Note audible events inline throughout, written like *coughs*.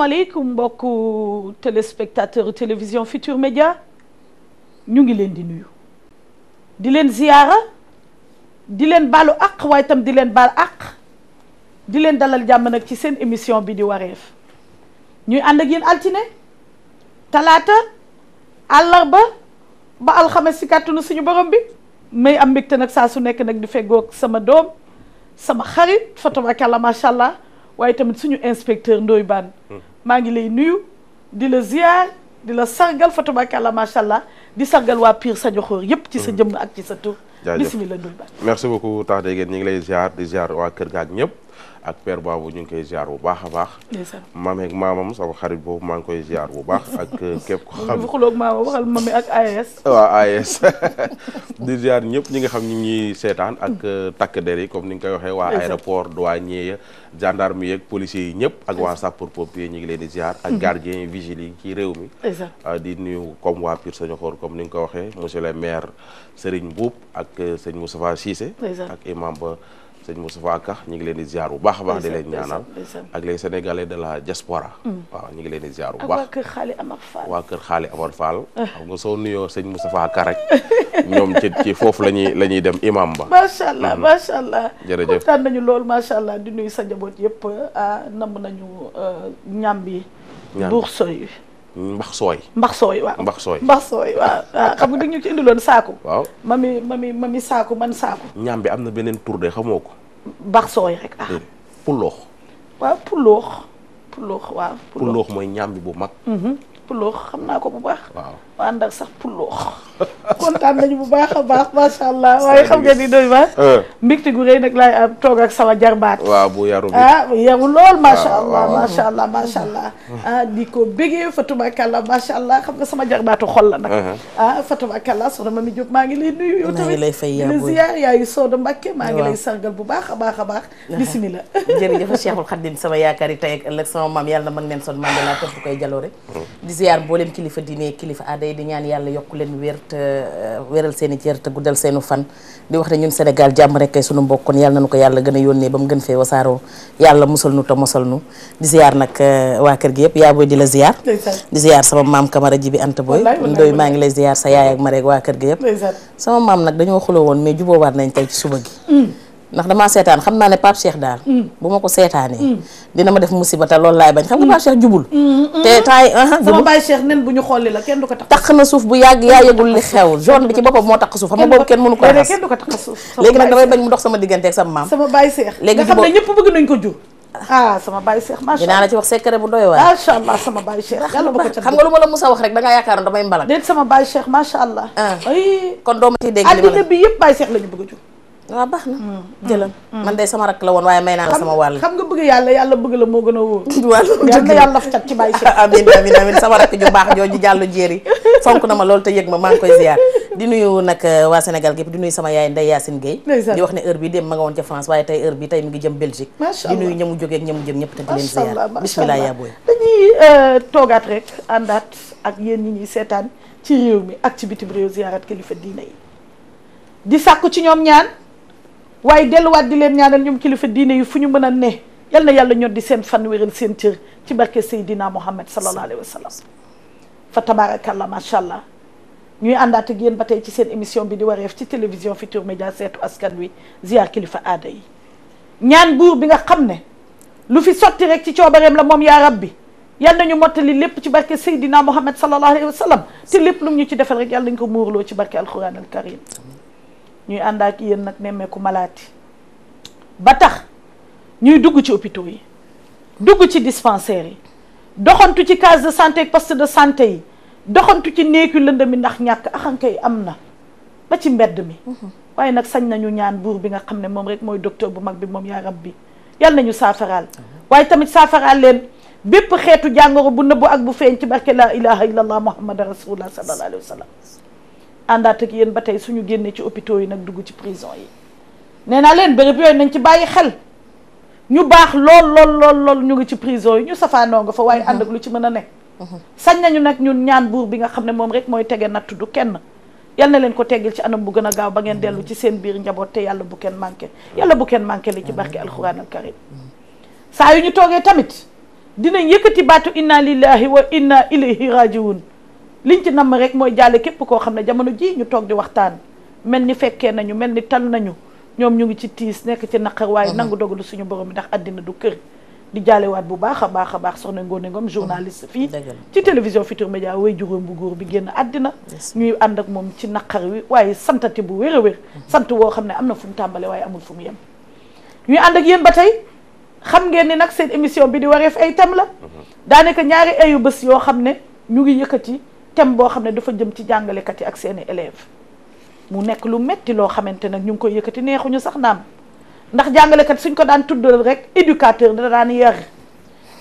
asalaamaaleykum mbokku téléspectateur télévision Futur Média ñu ngi leen di nuyu di leen ziyaara di leen baalu àq waaye di leen baal àq di leen dalal jàmm nag ci seen émission bi di wareef ñuy ànd ak yéen altine talaata àllarba ba alxames si kàttanu suñu borom bi may am mbégte nag saa su nekk nag di feggoog sama doom sama xarit Fatou Bakala macha allah waaye tamit suñu inspecteur Ndoye Bane hmm. maa ngi lay nuyu di la ziar di la sargal fa tabarakallah macha allah di sargal waa Pire Saniokhor yëpp ci sa mm-hmm. jëmm ak ci sa tur. jaajëf bisimilah Ndoye Bane merci beaucoup tax dégg ngeen ñu ngi lay ziar di ziar waa kër gaak ñëpp. ak père baabu ñu ngi koy ziar bu baax a baax. mame ak maamam sama xarit boobu maa ngi koy ziar bu baax ak euh, *laughs* képp xam. waxuloog maama waxal mame ak AES. *laughs* di ziar ñëpp ñi nga xam ñu ngi seetaan ak mm. euh, takk der yi comme ni nga koy waxee waa aéroport douanier ya gendarme yeeg policiers yi ñëpp ak waa sapour pompier ñu ngi leen di ziar ak mm-hmm. gardien vigile yi ci réew mi euh, di nuyu comme waa Pire xool comme ni nga koy waxee monsieur le maire seriñ Mboup ak sëñ Moustapha Cissé ak imam sëñ Moustapha Ka ñu ngi leen di ziar bu baax a baax di leen ñaanal ak les sénégalais de la diaspora mm. waaw ñu ngi leen di ziar bu baax waa kër xaali Amar Fall *laughs* xam nga soo nuyoo sëñ Moustapha Ka rek ñoom ci ci foofu la ñuy la ñuy dem imaam ba macha allah mm-hmm. macha allah jërëjëf kontaan nañu lool macha allah di nuyu sa njaboot yëpp a ah, namm nañu euh, ñam bi buur soy mbax sooy mbax sooy waaw mbax sooy mbax sooy waaw waaw ah, xam nga dañu ci indiloon saaku ma mami ma mami saaku man saaku ñaam bi am na beneen tur de xamoo ko mbax sooy rek ah puloox waaw puloox puloox waaw puloox mooy ñaam bu mag mm-hmm. puloox xam naa ko bu baax mu ànd ak sax pulloox kontaan nañu bu baax a baax macha allah waaye xam nga ni doy baax euh. mbégte gu rëy nag laay toog ak sama jarbaat waaw bu yaru bi ah yaru lool macha allah macha allah macha allah ah di ko bégee fatumakàlla macha allah xam nga sama jarbaatu xol la nag uh-huh. ah fatumakàlla soxna Mami Diop maa ngi lay nuyu yow tamit lay fay la ziar yaayu Soda Mbacké maa lay sargal bu baax a baax a baax uh-huh. bismillah *laughs* jërëjëf Cheikhul Khadim sama yaakaar yi tey ak ëllëg a maam yàlla na mag neen son Mandela képp ma jaloore uh-huh. di ziar mboolem kilifa diine kilifa yi di ñaan yàlla yokk leen wér te euh, wéral seen i cër te guddal seenu fan di wax ne ñun Sénégal jàmm rek kay sunu mbokk kon yàlla nañu ko yàlla gën a yónnee ba mu gën fee wasaaroo yàlla musal nu te mosal nu di ziar nag euh, waa kër gi yëpp yaa booy di la ziar di ziar sama maam Camara ji bi Anta Boy ndoy ngi lay ziar sa yaay ak ma rek waa kër gi yëpp sama maam nag dañoo xuloo woon mais juboowaat nañ tey ci suba gi mm. ndax damaa seetaan xam naa ne Pape Cheikh daal. Mm. bu ma ko seetaanee. Mm. dina ma def musiba te loolu laay bañ. xam nga Pape Cheikh jubul. Mm, te temps sama Baye Cheikh ñu xolli la kenn du tax. tax na suuf bu yàgg yaa yëgul li xew zone moo tax suuf xam nga boobu kenn mënu ko xam ne ñëpp bëgg nañ ko jur. ah sama Baye Cheikh macha allah dinaa la ci wax ba ko ca xam nga lu la musa wax rek da nga yaakaaroon damay mbalak. déet sama Baye Cheikh macha allah. Ah. ay kon doo ma addina bi yëpp Baye Cheikh la bëgg jur waaw baax na mm, mm, jëlal mm. man day sama rakk la woon waaye may naa la sama wàll xam nga bëgg yàlla yàlla bëgg la moo gën a wóor *laughs* yàlla na yàlla daf cat ci bàyyi si *laughs* amin amin amin sama rakk ju baax jooju jàllu jéeri fonk na ma loolu te yëg ma maa ngi koy ziar di nuyu nag euh, waa Sénégal gépp di nuyu sama yaay Ndeye Yacine Gueye di wax ne heure bi dem ma nga woon ca France waaye tey heure bi tey mi ngi jëm Belgique di nuyu ñamu jógee ak ñamu jëm ñëpp te di leen ziar bismillah yaa booy dañuy euh, toogaat rek àndaat ak yéen ñi ñuy seetaan ci réew mi ak ci bitim réew ziarat kilifa diina yi di sàkku ci ñoom ñaan waaye delluwaat di leen ñaanal ñoom kilifa diine yi fu ñu mën a ne yal na yàlla ñor di seen fan wéral seen cër ci barke Seydina Muhammad sallallahu alayhi wa sallam fa tabarakallah macha allah ñuy àndaat ak yéen ba tey ci seen émission bi di wareef ci télévision Futurs Médias seetu askan wi ziar kilifa aada yi ñaan buur bi nga xam ne lu fi sotti rek ci coobareem la moom yaa rabbi yal nañu mottali lépp ci barke Seydina Muhammad sallallahu alayhi wa sallam te lépp lu ñu ci defal rek yàlla nañ ko muurloo ci barke alquran al karim ñuy ànd ak yéen nag nemmeeku malaati ba tax ñuy dugg ci hôpitaux yi dugg ci dispensaires yi doxantu ci case de santé ak de santé yi doxantu ci néeg yu lënd mi ndax ñàkk axanka yi am na ba ci mbedd mi mhm. waaye nag sañ nañu ñaan buur bi nga xam ne moom rek mooy docteur bu mag bi moom yaa rabbi yal nañu saafaraal waaye tamit saafaraal leen bépp xeetu jàngoro bu nëbbu ak bu feeñ ci barke laa ilaha illallah muhammad rasulullah sallallahu alayhi wa sallam àndaat ak yéen ba tey suñu génnee ci hôpitaux yi nag dugg ci prison yi nee naa leen béréb yooyu nañ ci bàyyi xel ñu baax lool lool lool ñu ngi ci prison yi ñu safaanoo nga fa waaye mhm. ànd ak lu ci mën a ne mhm. sañ nañu nag ñun ñaan buur bi nga xam ne moom rek mooy tege natt du kenn yal na leen ko teggil ci anam bu gën a gaaw ba ngeen mhm. dellu ci seen biir njaboot te yàlla bu kenn manqué yàlla bu kenn manqué li ci barke alxuraan al saa yu ñu toogee tamit liñ ci nam rek mooy jàlle képp koo xam ne jamono ji ñu toog di waxtaan mel ni fekkee nañu mel ni tal nañu ñoom ñu ngi ci tiis nekk ci naqar waaye nangu dogalu suñu borom bi ndax àddina du kër di jaalewaat bu baax a baax a baax soxna Ngoné Ngom journaliste fii ci télévision Futur Média way juróom bu góor bi génn àddina ñuy ànd ak moom ci naqar wi waaye santati bu wér a wér sant woo xam ne am na fu mu tàmbale waaye amul fu mu yem ñuy ànd ak yéen ba tey xam ngeen ni nag seen émission bi di wareef ay thème la daanaka ñaari ayu yoo xam ne ñu ngi yëkkati thème boo xam ne dafa jëm ci jàngalekat yi ak seeni élève mu nekk lu metti loo xamante nag ñu ngi koy yëkkati neexuñu sax naam ndax jàngalekat suñ ko daan tuddal rek éducateur da daan yar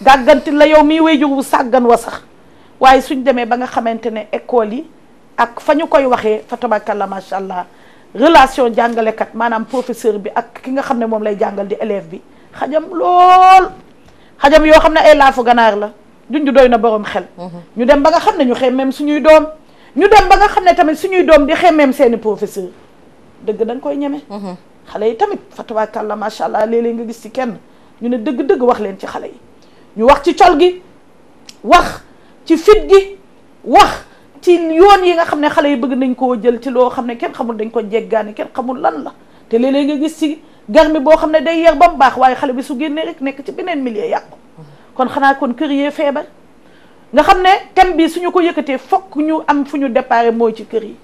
gàgganti la yow mii wéy jógu sàggan wa sax waaye suñ demee ba nga xamante ne école yi ak fa ñu koy waxee fa tabakalla macha allah relation jàngalekat maanaam professeur bi ak ki nga xam ne moom lay jàngal di élève bi xajam lool xajam yoo xam ne ay laafu ganaar la junj doy na boroom xel. Mhm. ñu dem ba nga xam ne ñu xemmeem suñuy doom. ñu dem ba nga xam ne tamit suñuy doom di xemmeem seeni professeur dëgg dañ nga koy ñeme. Mhm. xale yi tamit la macha allah léeg-léeg nga gis ci kenn ñu ne dëgg-dëgg wax leen ci xale yi ñu wax ci col gi wax ci fit gi wax ci yoon yi nga xam ne xale yi bëgg nañ koo jël ci loo xam ne kenn xamul dañ ko jéggaani kenn xamul lan la te léeg-léeg nga gis ci garmi boo xam ne day yeer ba mu baax waaye xale bi su génnee rek nekk ci beneen milieu kon xanaa kon kër yee feebar nga xam ne thème bi suñu ko yëkkatee fokk ñu am fu ñu déparé mooy ci kër yi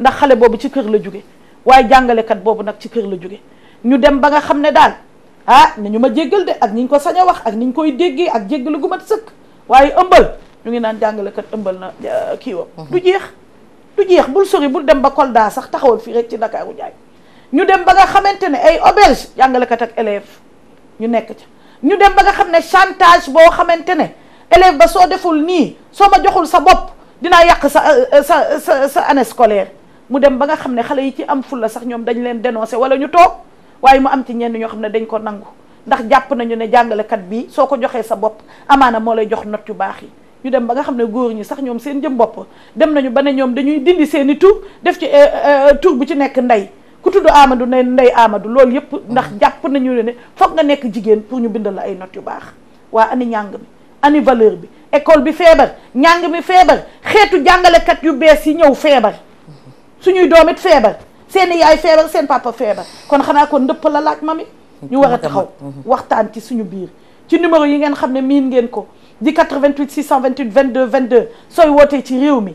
ndax xale boobu ci kër la jóge waaye jàngalekat boobu nag ci kër la jóge ñu dem ba nga xam ne daal ah nañu ma jéggal de ak niñ ko sañ a wax ak niñ koy déggee ak jéggalu gu mat sëkk waaye ëmbal ñu ngi naan jàngalekat ëmbal na kii mhm. du jeex du jeex bul sori bul dem ba Kolda sax taxawal fii rek ci Ndakaaru jaay ñu dem ba nga xamante ne ay auberge jàngalekat ak élève ñu nekk ca ñu dem ba nga xam ne chantage boo xamante ne élève ba soo deful nii soo ma joxul sa bopp dinaa yàq sa euh, euh, sa sa sa année scolaire mu dem ba nga xam ne xale yi ci am fulla sax ñoom dañ leen dénoncé wala ñu toog waaye mu am ci ñenn ñoo xam ne dañ ko nangu ndax jàpp nañu ne jàngalekat bi soo ko joxee sa bopp amaana moo lay jox not yu baax yi ñu dem ba nga xam ne góor ñi sax ñoom seen jëm bopp dem nañu ba ne ñoom dañuy dindi seen i tur def ci euh, tur bu ci nekk ndey tudd Amadou ne Ndeye Amadou loolu yëpp ndax mm-hmm. jàpp nañu ne foog nga nekk jigéen pour ñu bind la ay notes yu baax waa ani ñàng mi ani valeur bi école bi feebar ñàng mi feebar xeetu jàngalekat yu bees yi ñëw feebar mm-hmm. suñuy doom it feebar seen yaay feebar seen papa feebar kon xanaa kon ndëpp la laaj mami mm-hmm. ñu war a taxaw waxtaan ci suñu biir ci numéro yi ngeen xam ne miin ngeen ko di 88 628 22 22 sooy wootee ci réew mi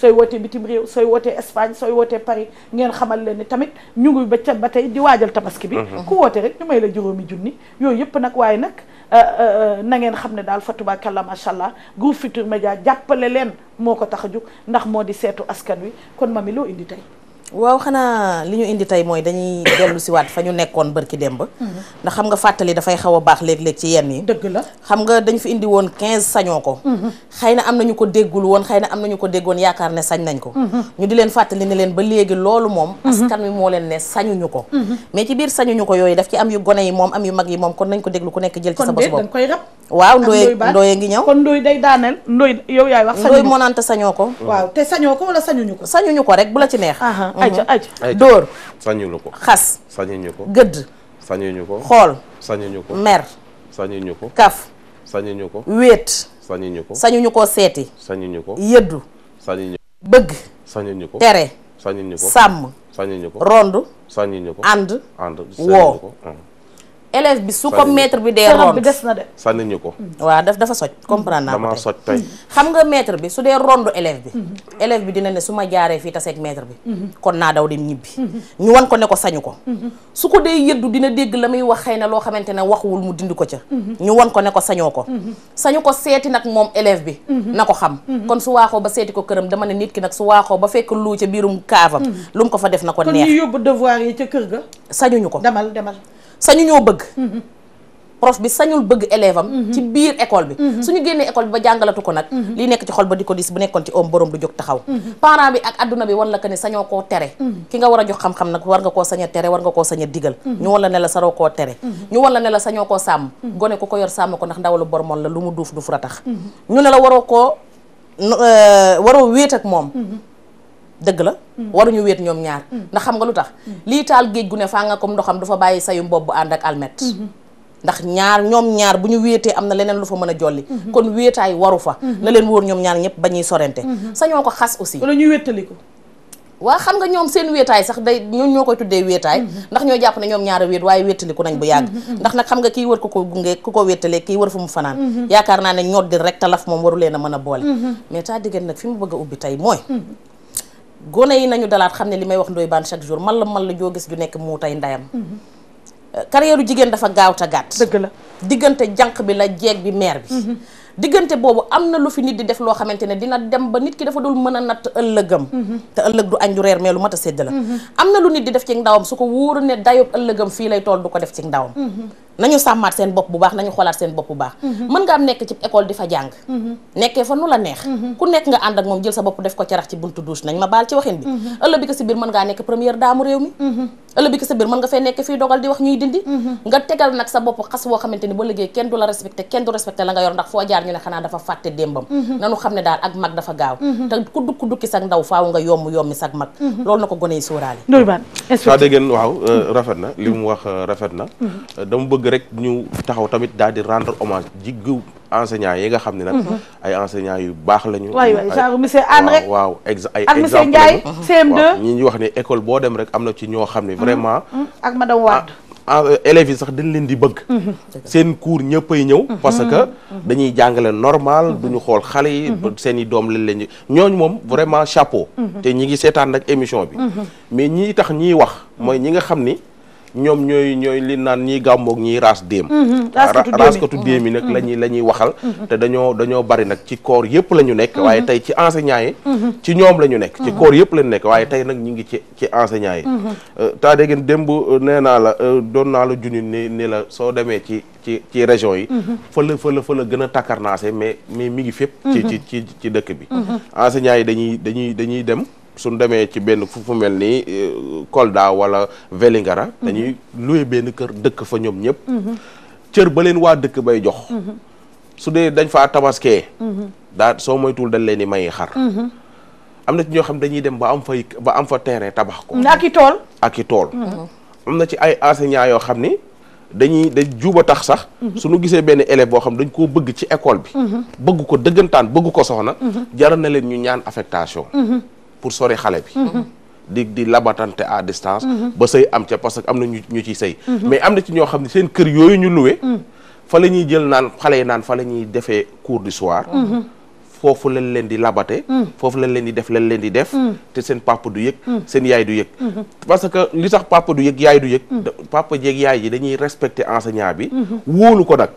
sooy wootee bitim réew sooy wootee Espagne sooy wootee Paris ngeen xamal leen ni tamit ñu ngi ba ca ba tey di waajal tabaski bi mhm. ku wootee rek ñu may la juróomi junni yooyu yëpp nag waaye nag euh, euh, na ngeen xam ne daal fatubakalla macha allah groupe Futurs média jàppale leen moo ko tax a jug ndax moo di seetu askan wi kon mi loo indi tey waaw xanaa li ñu indi tey mooy dañuy dellu si waat fa ñu nekkoon bërki demb mhm. ndax xam nga fàttali dafay xaw a baax léeg-léeg ci yenn yi dëgg la xam nga dañ fi indi woon quinze sañoo ko mhm. xay na am na ñu ko déggul woon xëy na am nañu ko déggoon yaakaar ne sañ nañ ko mhm. ñu di leen fàttali ne leen ba léegi loolu moom askan wi moo leen ne sañuñu ko mais ci biir sañuñu ko yooyu daf ci am yu gone yi moom am yu mag yi moom kon nañ ko déglu ku nekk jël ci sa bos bopp koy rab waaw ndooy ndooye ngi ñëw kon ndooy day daaneel ndooy yow yaay wax ndooy monante sañoo ko waaw te sañoo ko wala sañuñu ko sañuñu ko rek bu la ci neex ayca ayca dóor sañuñu ko xas sañuñu ko gëdd sañuñu ko xool sañuñu ko mer sañuñu ko kaf sañuñu ko wéet sañuñu ko sañuñu koo seeti sañuñu ko yëddu sañuñu ko bëgg sañuñu ko tere sañuñu ko sàmm sañuñu ko rond sañuñu ko ànd ànd woo élève bi su ko maître bi dee rond bi des na de sànni ñu ko waaw daf dafa soj comprendre naa xam nga maître bi su dee rond élève bi mhm. élève bi dina ne su ma jaaree fii taseeg maître bi mhm. kon naa daw dem ñibbi mhm. ñu wan ko ne ko sañu ko su ko dee yëddu dina dégg la muy wax xëy na loo xamante ne waxwul mu dindi ko ca ñu wan ko ne ko sañoo ko sañu ko seeti nag moom élève bi na ko xam kon su waaxoo ba seeti ko këram dama ne nit ki nag su waaxoo ba fekk lu ca biirum kaafam lu ko fa def na ko neex kon ñu yóbbu devoir yi ca kër ga sañuñu ko demal demal sañu ñoo bëgg mhm. prof bi sañul bëgg élève am mhm. ci biir école bi mhm. suñu génnee école bi ba jàngalatu ko nag li nekk ci xol ba di ko dis bu nekkoon ci oom borom du jóg taxaw parent bi ak adduna bi wan la ko ne sañoo koo tere ki nga war a jox xam-xam nag war nga koo sañ tere war nga koo saña digal ñu wan la ne la saroo koo tere ñu wan la ne la sañoo koo sàmm gone ku ko yor sàmm ko ndax ndawalu bormoon la lu mu duuf duuf ra tax ñu ne la waroo koo euh, waroo wéet ak moom dëgg la mm. waruñu weet ñoom ñaar mm. ndax xam nga lu tax mm. lii taal géej gu ne faa nga comme ndoxam du fa bàyyi sayum bopp bu ànd ak almet mm-hmm. ndax ñaar ñoom ñaar bu ñu weetee am na leneen lu fa mën a jolli mm-hmm. kon wéetaay waru fa mm-hmm. na leen wóor ñoom ñaar ñëpp ba ñuy sorente sañoo ko xas aussi wala ñuy wéttali ko waa xam nga ñoom seen wéetaay sax day ñun ñoo koy tuddee wéetaay ndax ñoo jàpp ne ñoom ñaar a wéet waaye nañ bu yàgg ndax nag xam nga kii wër ku ko gunge ku ko wéttalee kii war fa mu fanaan yaakaar naa ne ñoddi rek talaf moom waru leen a mën a boole mais taa diggante nag fi mu bëgg a ubbi tey mooy gone yi nañu dalaat xam ne li may wax ndoy baan chaque jour mal la mal la joo gis ju nekk mu tey ndayam euh, carrière jigéen dafa gaaw te gàtt dëgg la diggante jànq bi la jeeg bi mère bi mhm. diggante boobu am na lu fi nit di def loo xamante ne dina dem ba nit ki dafa dul mën a natt ëllëgam mhm. te ëllëg du añju reer mais lu mat a sédd mhm. am na lu nit di def ci ndawam su ko wóor ne dayoob ëllëgam fii lay tool du ko def ci ndawam nañu sàmmaat seen bopp bu baax nañu xoolaat seen bopp bu baax mhm. mën nga am nekk ci école di fa jàng mhm. nekkee fa nu la neex mhm. ku nekk nga ànd ak ko carax ci di wax ñuy dindi nga tegal nag sa bopp xas xam ne daal ak mag dafa gaaw te ku dukku dukki sag ndaw faaw nga yommu yommi sag mag loolu na ko gone yi sóoraale waaw dégg ngeen waaw rafet na li mu wax euh, rafet na euh, dama bëgg bëgg rek ñu taxaw tamit daal di rendre hommage jiggu enseignants yi nga xam ne nag. Mhm. ay enseignants yu baax lañu. waay waay genre monsieur Anne rek waaw ex ay exemple Ndiaye cm ñi wax ne école boo dem rek am na ci ñoo xam ne mhm. vraiment. Mhm. ak madame ah, Wade. Ah, euh, élèves yi sax dañ leen di bëgg seen cours ñëppay ñëw parce que dañuy jàngale normal duñu xool xale yi seen i doom lañ leen ñooñu moom vraiment chapeau te ñi ngi seetaan nag émission bi mais ñi tax ñiy wax mooy ñi nga xam ni ñoom ñooy ñooy li naan ñiy gàmmoog ñii raas déem mhm, raaskatu déem yi nag mhm. la ñuy la ñuy waxal mhm, te dañoo dañoo bari nag ci koor yëpp la ñu nekk waaye tey ci enseignants yi ci ñoom la ñu nekk ci koor yëpp la nekk waaye tey nag ñu ngi ci ci enseignants yi euh, taa dégg démb euh, nee naa la euh, doon naa la junni ni ni la soo demee ci ci ci région yi fa la fa gën a takkarnaase mais mais mi ngi fépp ci ci ci ci dëkk bi enseignants yi dañuy dañuy dañuy dem suñ demee ci benn fu mel ni euh, Kolda wala Vélingara mhm. dañuy luwe benn kër dëkk fa ñoom ñëpp mhm. cër ba leen waa dëkk bay jox mhm. su dee dañ faa tabaskee daa soo moytuwul dañ leen di mayi xar am na ci ñoo xam dañuy dem ba am fay ba am fa terrain tabax ko ak i tool tool am na ci ay enseignants yoo xam ni dañuy dañ juuba tax sax su nu gisee benn élève boo xam dañ koo bëgg ci école bi bëgg ko dëggantaan bëgg ko soxna jaral na leen ñu ñaan affectation pour sori xale bi mm-hmm. di di labatante à distance mm-hmm. ba sëy am ca parce que am na ñu ñu ciy sëy mm-hmm. mais am na ci ñoo xam ne seen kër yooyu ñu luwe mm. fa la ñuy jël naan xale yi naan fa la ñuy defee cours du soir foofu lañ leen di labate mm. foofu lañ leen di def lañ leen di def mm. te seen papa du yëg seen yaay du yëg parce que li tax papa du yëg yaay du yëg papa jeeg yaay ji dañuy respecter enseignant bi wóolu ko nag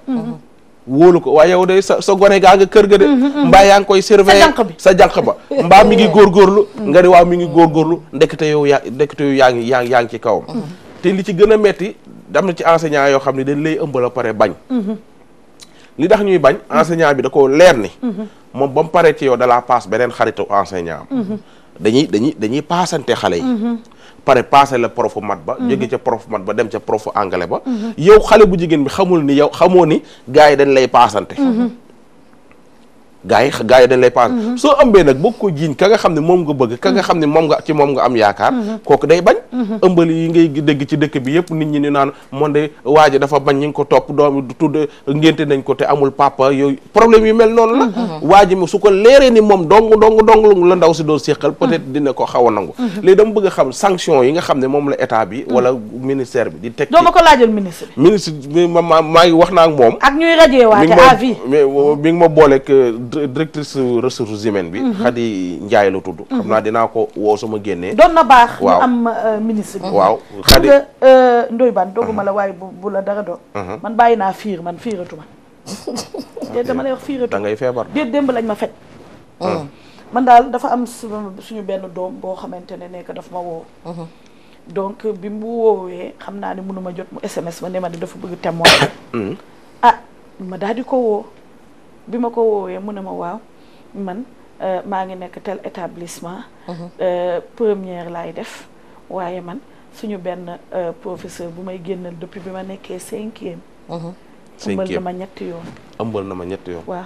woolu ko waaye yow de sa sa gone gaa nga kër ga de mm-hmm, mm-hmm. mbaa yaa ngi koy surveiller sa jànq ba mm-hmm. mbaa mi ngi góorgóorlu nga ne waaw mi ngi góorgóorlu ndekete yow yaa ndekete yaa ngi yaa yaa ngi ci kawam te li ci gën a metti dam na ci enseignant yoo xam ne dañ lay ëmbal a pare bañ li tax ñuy bañ enseignant bi da ko leer ni moom ba mu paree ci yow dalaa paas beneen xaritu enseignant am dañuy dañuy dañuy paasante xale yi pare passé la profu mat ba mhm. jóge ca profu mat ba dem ca a anglais ba mhm. yow xale bu jigéen bi xamul ni yow xamoo ni gars yi dañ lay paasante mhm. gaa yi gaa yi dañ lay paas mhm. soo ëmbee nag boo ko jiiñ ka nga xam ne moom nga bëgg ka nga mhm. xam ne moom nga am yaakaar mhm. kooku day bañ ëmbal yi ngay dégg ci dëkk bi yëpp nit ñi ni naan moom de waa dafa bañ ñi ko topp doom tudd ngénte nañ ko te amul papa yooyu problème yu mel la ko la ndaw a a yi nga xam bi wala ministère bi di teg doo laajal ministre ministre maa ngi wax naa ak moom ak ñuy rajee waa à vie ma booleeg euh, directrice ressources humaines bi. Mhm. Khady Ndiaye la tudd. xam naa mhm. dinaa ko woo sama génnee. doon na baax. waaw am euh, ministre bi. waaw Khady nga euh, Ndoye Bane dogguma mhm. la waaye bu la dara doon. man bàyyi naa fiir man fiiratuma. *laughs* déet dama lay wax fiiratu da ngay feebar déet démb lañ ma faj. man daal dafa am suñu benn doom boo xamante ne nekk daf ma woo. donc bi mu woowee xam naa ne mënuma jot mu SMS ma ne ma dafa bëgg témoin. ah ma daal ko woo. bi ma ko woowee mu ne ma waaw man euh, maa ngi nekk tel établissement. Mhm. Euh, première laay def waaye man suñu benn euh, professeur bu may génnal depuis bi ma nekkee cinquième. cinquième mhm. ëmbal na ma ñetti yoon. ëmbal na ma ñett yoon. waaw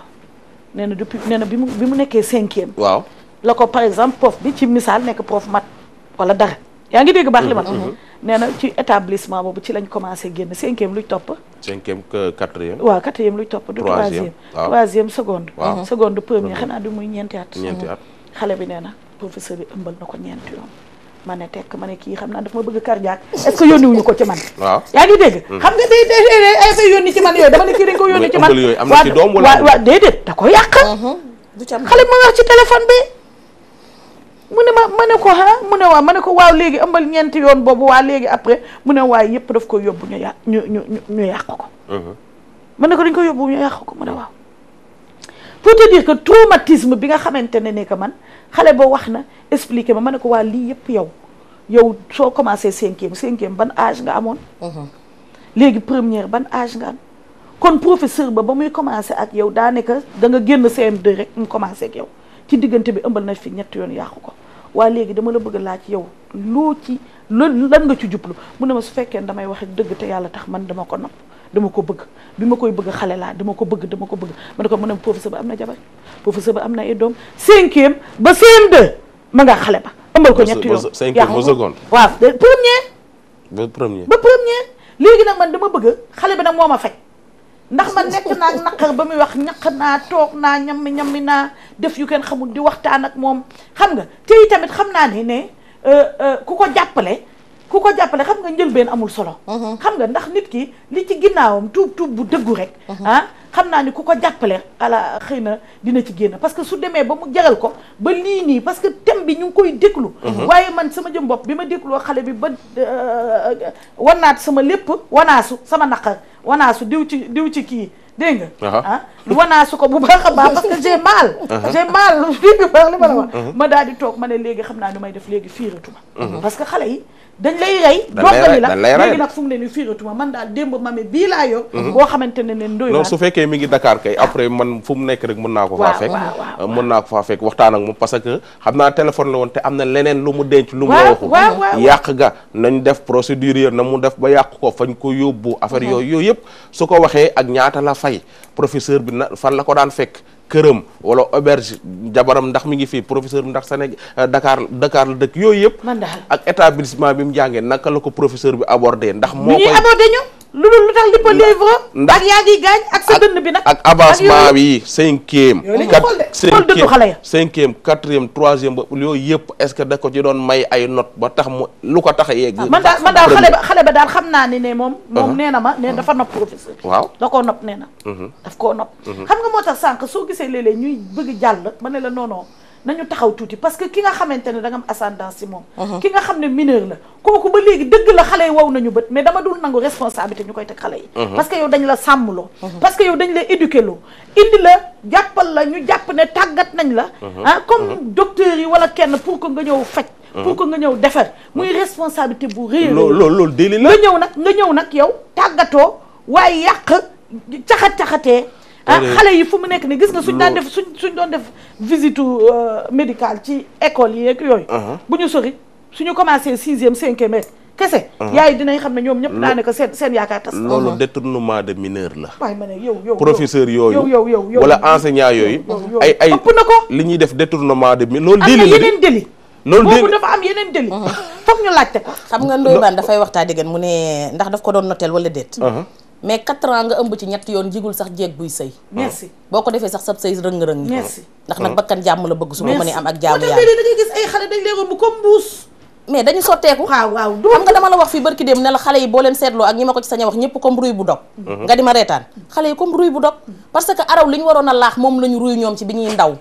nee na depuis nee na bi mu bi mu nekkee cinquième. waaw la ko par exemple prof bi ci misaal nekk prof mat wala dara. yaa ngi dégg baax li ma mhm. nee na ci établissement boobu ci lañ commencé génn cinquième luy topp cinquième quatrième waaw quatrième luy topp du troisième troisième seconde mhm. seconde premier xanaa du muy ñeenti mhm. xale bi nee professeur bi ëmbal na ko ñeenti yoon ma ne kii xam naa daf ma bëgg cardiaque *laughs* est-ce que yónniwuñu ko ci man waaw yaa ngi dégg xam ne kii dañ ko da ko yàq xale ma wax ci téléphone bi mu ne ma ma ne ko ah mu ne waaw ma ne ko waaw léegi ëmbal ñeenti yoon boobu waa léegi après mu ne waaye yëpp daf ko yóbbu ñu yà ñu ñu ñu yàq ko. Mhm. ma ne ko dañ ko yóbbu ñu yàq ko mu ne waaw. pour te dire que traumatisme bi nga xamante ne ne que man xale boo wax na expliqué ma ma ne ko waa lii yëpp yow yow soo commencé cinquième cinquième ban âge nga amoon. Mhm. léegi première ban âge nga am. kon professeur ba ba muy commencé ak yow daanaka da nga génn CM2 rek mu commencé ak ci diggante bi ëmbal na fi ñetti yoon yàqu ko. waa léegi dama la bëgg laaj yow loo ci lan lan nga ci jublu mu na ma su fekkee damay wax dëgg te yàlla tax man dama ko nopp dama ko bëgg bi ma koy bëgg xale laa dama ko bëgg dama ko bëgg ma ne ko mu ne professeur ba am na jabar professeur ba am na ay doom cinquième ba CM2 ma nga xale ba ëmbal ko ñetti yoon cinquième ba seconde waaw premier ba premier léegi nag man dama bëgg xale bi nag moo ma faj ndax man nekk naa naqar ba muy wax ñaq naa toog naa ñammi ñammi naa def yu kenn xamul di waxtaan ak moom xam nga te yi tamit xam naa ne ne euh, euh, ku ko jàppale ku ko jàppale xam nga njëlbeen amul solo mm-hmm. xam nga ndax nit ki li ci ginnaawam tuub tuub bu dëggu rek mm-hmm. ah, xam naa ni ku ko jàppale alaa xëy na dina ci génn parce que su demee ba mu jagal ko ba lii nii parce que thème bi ñu ngi koy déglu mhm. waaye man sama jëm bopp bi ma dégloo xale bi ba euh, wanaat sama lépp wanaasu sama naqar wanaasu diw ci diw ci kii dégg nga ah wanaasu ko bu baax a baax parce que j'ai maal j'ai mal *laughs* li ma la wax mhm. ma daal di toog ma ne léegi xam naa nu may def léegi fiiratuma mhm. parce que xale yi dañ lay rey doggali la léegi nag fu mu ne ni fiiratuma man daal démb mame bii laa yor mhm. boo xamante ne ne ndoy non su fekkee mi ngi Dakar kay après man fu mu nekk rek mën naa ko faa fekk mën naa ko faa waxtaan ak moom parce que xam naa téléphone la woon te am na leneen lu mu denc lu mu waxu yàq ga nañ def procédure yi na mu def ba yàq ko fañ ko yo yóbbu affaire mhm. yooyu yooyu yëpp su ko waxee ak ñaata la fay professeur bi na fan la ko daan fekk këram wala auberge jabaram ndax mi ngi fii professeur ndax Sénégal euh, Dakar Dakar la dëkk yooyu yëpp. ak établissement bi mu jàngee naka la ko professeur bi abordé. ndax moo koy abordé ñu. lu lu tax li ko livre. ndax ak yaa ngi gaañ ak sa dënn bi nag. ak avancement bi cinquième. quatre cinquième quatrième troisième ba yooyu yëpp est-ce que da ko ci doon may ay not ba tax mu lu ko tax a yegg. Ah, man daal man daal xale ba xale ba daal xam naa ne ne moom. Uh-huh. moom nee na ma ne dafa nopp professeur. waaw da koo nopp nee na. Uh-huh. daf koo nopp. Uh-huh. xam nga moo tax sànq soo gisee léeg ñuy bëgg jàll ma ne la non nañu taxaw tuuti parce que ki nga xamante ne da nga am ascendance ci moom uh-huh. ki nga xam ne mineur la kooku ba léegi dëgg la xale yi wow nañu bët mais dama dul nangu responsabilité ñu koy teg xale yi uh-huh. parce que yow dañ la sàmm loo uh-huh. parce que yow dañ la éduqué loo indi la jàppal la ñu jàpp ne tàggat nañ la ah comme docteur yi wala kenn pour ko nga ñëw faj pour que nga ñëw defar muy responsabilité bu réer loolu loolu déli la nga ñëw nag nga ñëw nag yow tàggatoo waaye yàq caxat-caxatee ah xale yi fu mu nekk nii gis nga suñ daan def suñ suñ doon def visite euh, médicale ci école yi ak yooyu bu ñu su ñu commencé sixième cinq rek kese yaay dinañ xam ne ñoom ñëpp naa seen seen yaakaar tas loolu détournement de mineur la waaye ma ne yow yow professeur yooyu yow yow yow wala enseignant yooyu ay ay ëpp na ko li ñuy def détournement de mineur loolu déli la yeneen déli loolu boobu dafa am yeneen déli foog ñu laajte ko xam nga Ndoye Bane dafay waxtaa mu ne ndax daf ko doon noteel wala déet mais quatre ans nga ëmb ci ñett yoon jigul sax jeeg buy sëy merci mm. boo ko defee sax sab sëy rëng-rëng merci ndax nag mm. bakkan jàmm la bëgg su ma am ak jàmm yaa da ngay mais dañu sotteeku waaw waaw xam nga dama la wax fii barki dem ne xale yi boo leen seetloo ak ñi ma ko ci sañ a wax ñëpp comme ruy bu dog mm-hmm. nga di ma reetaan xale yi comme ruy bu dog mm-hmm. parce que araw li ñu waroon a laax moom la ñu ruy ñoom ci bi ñuy ndaw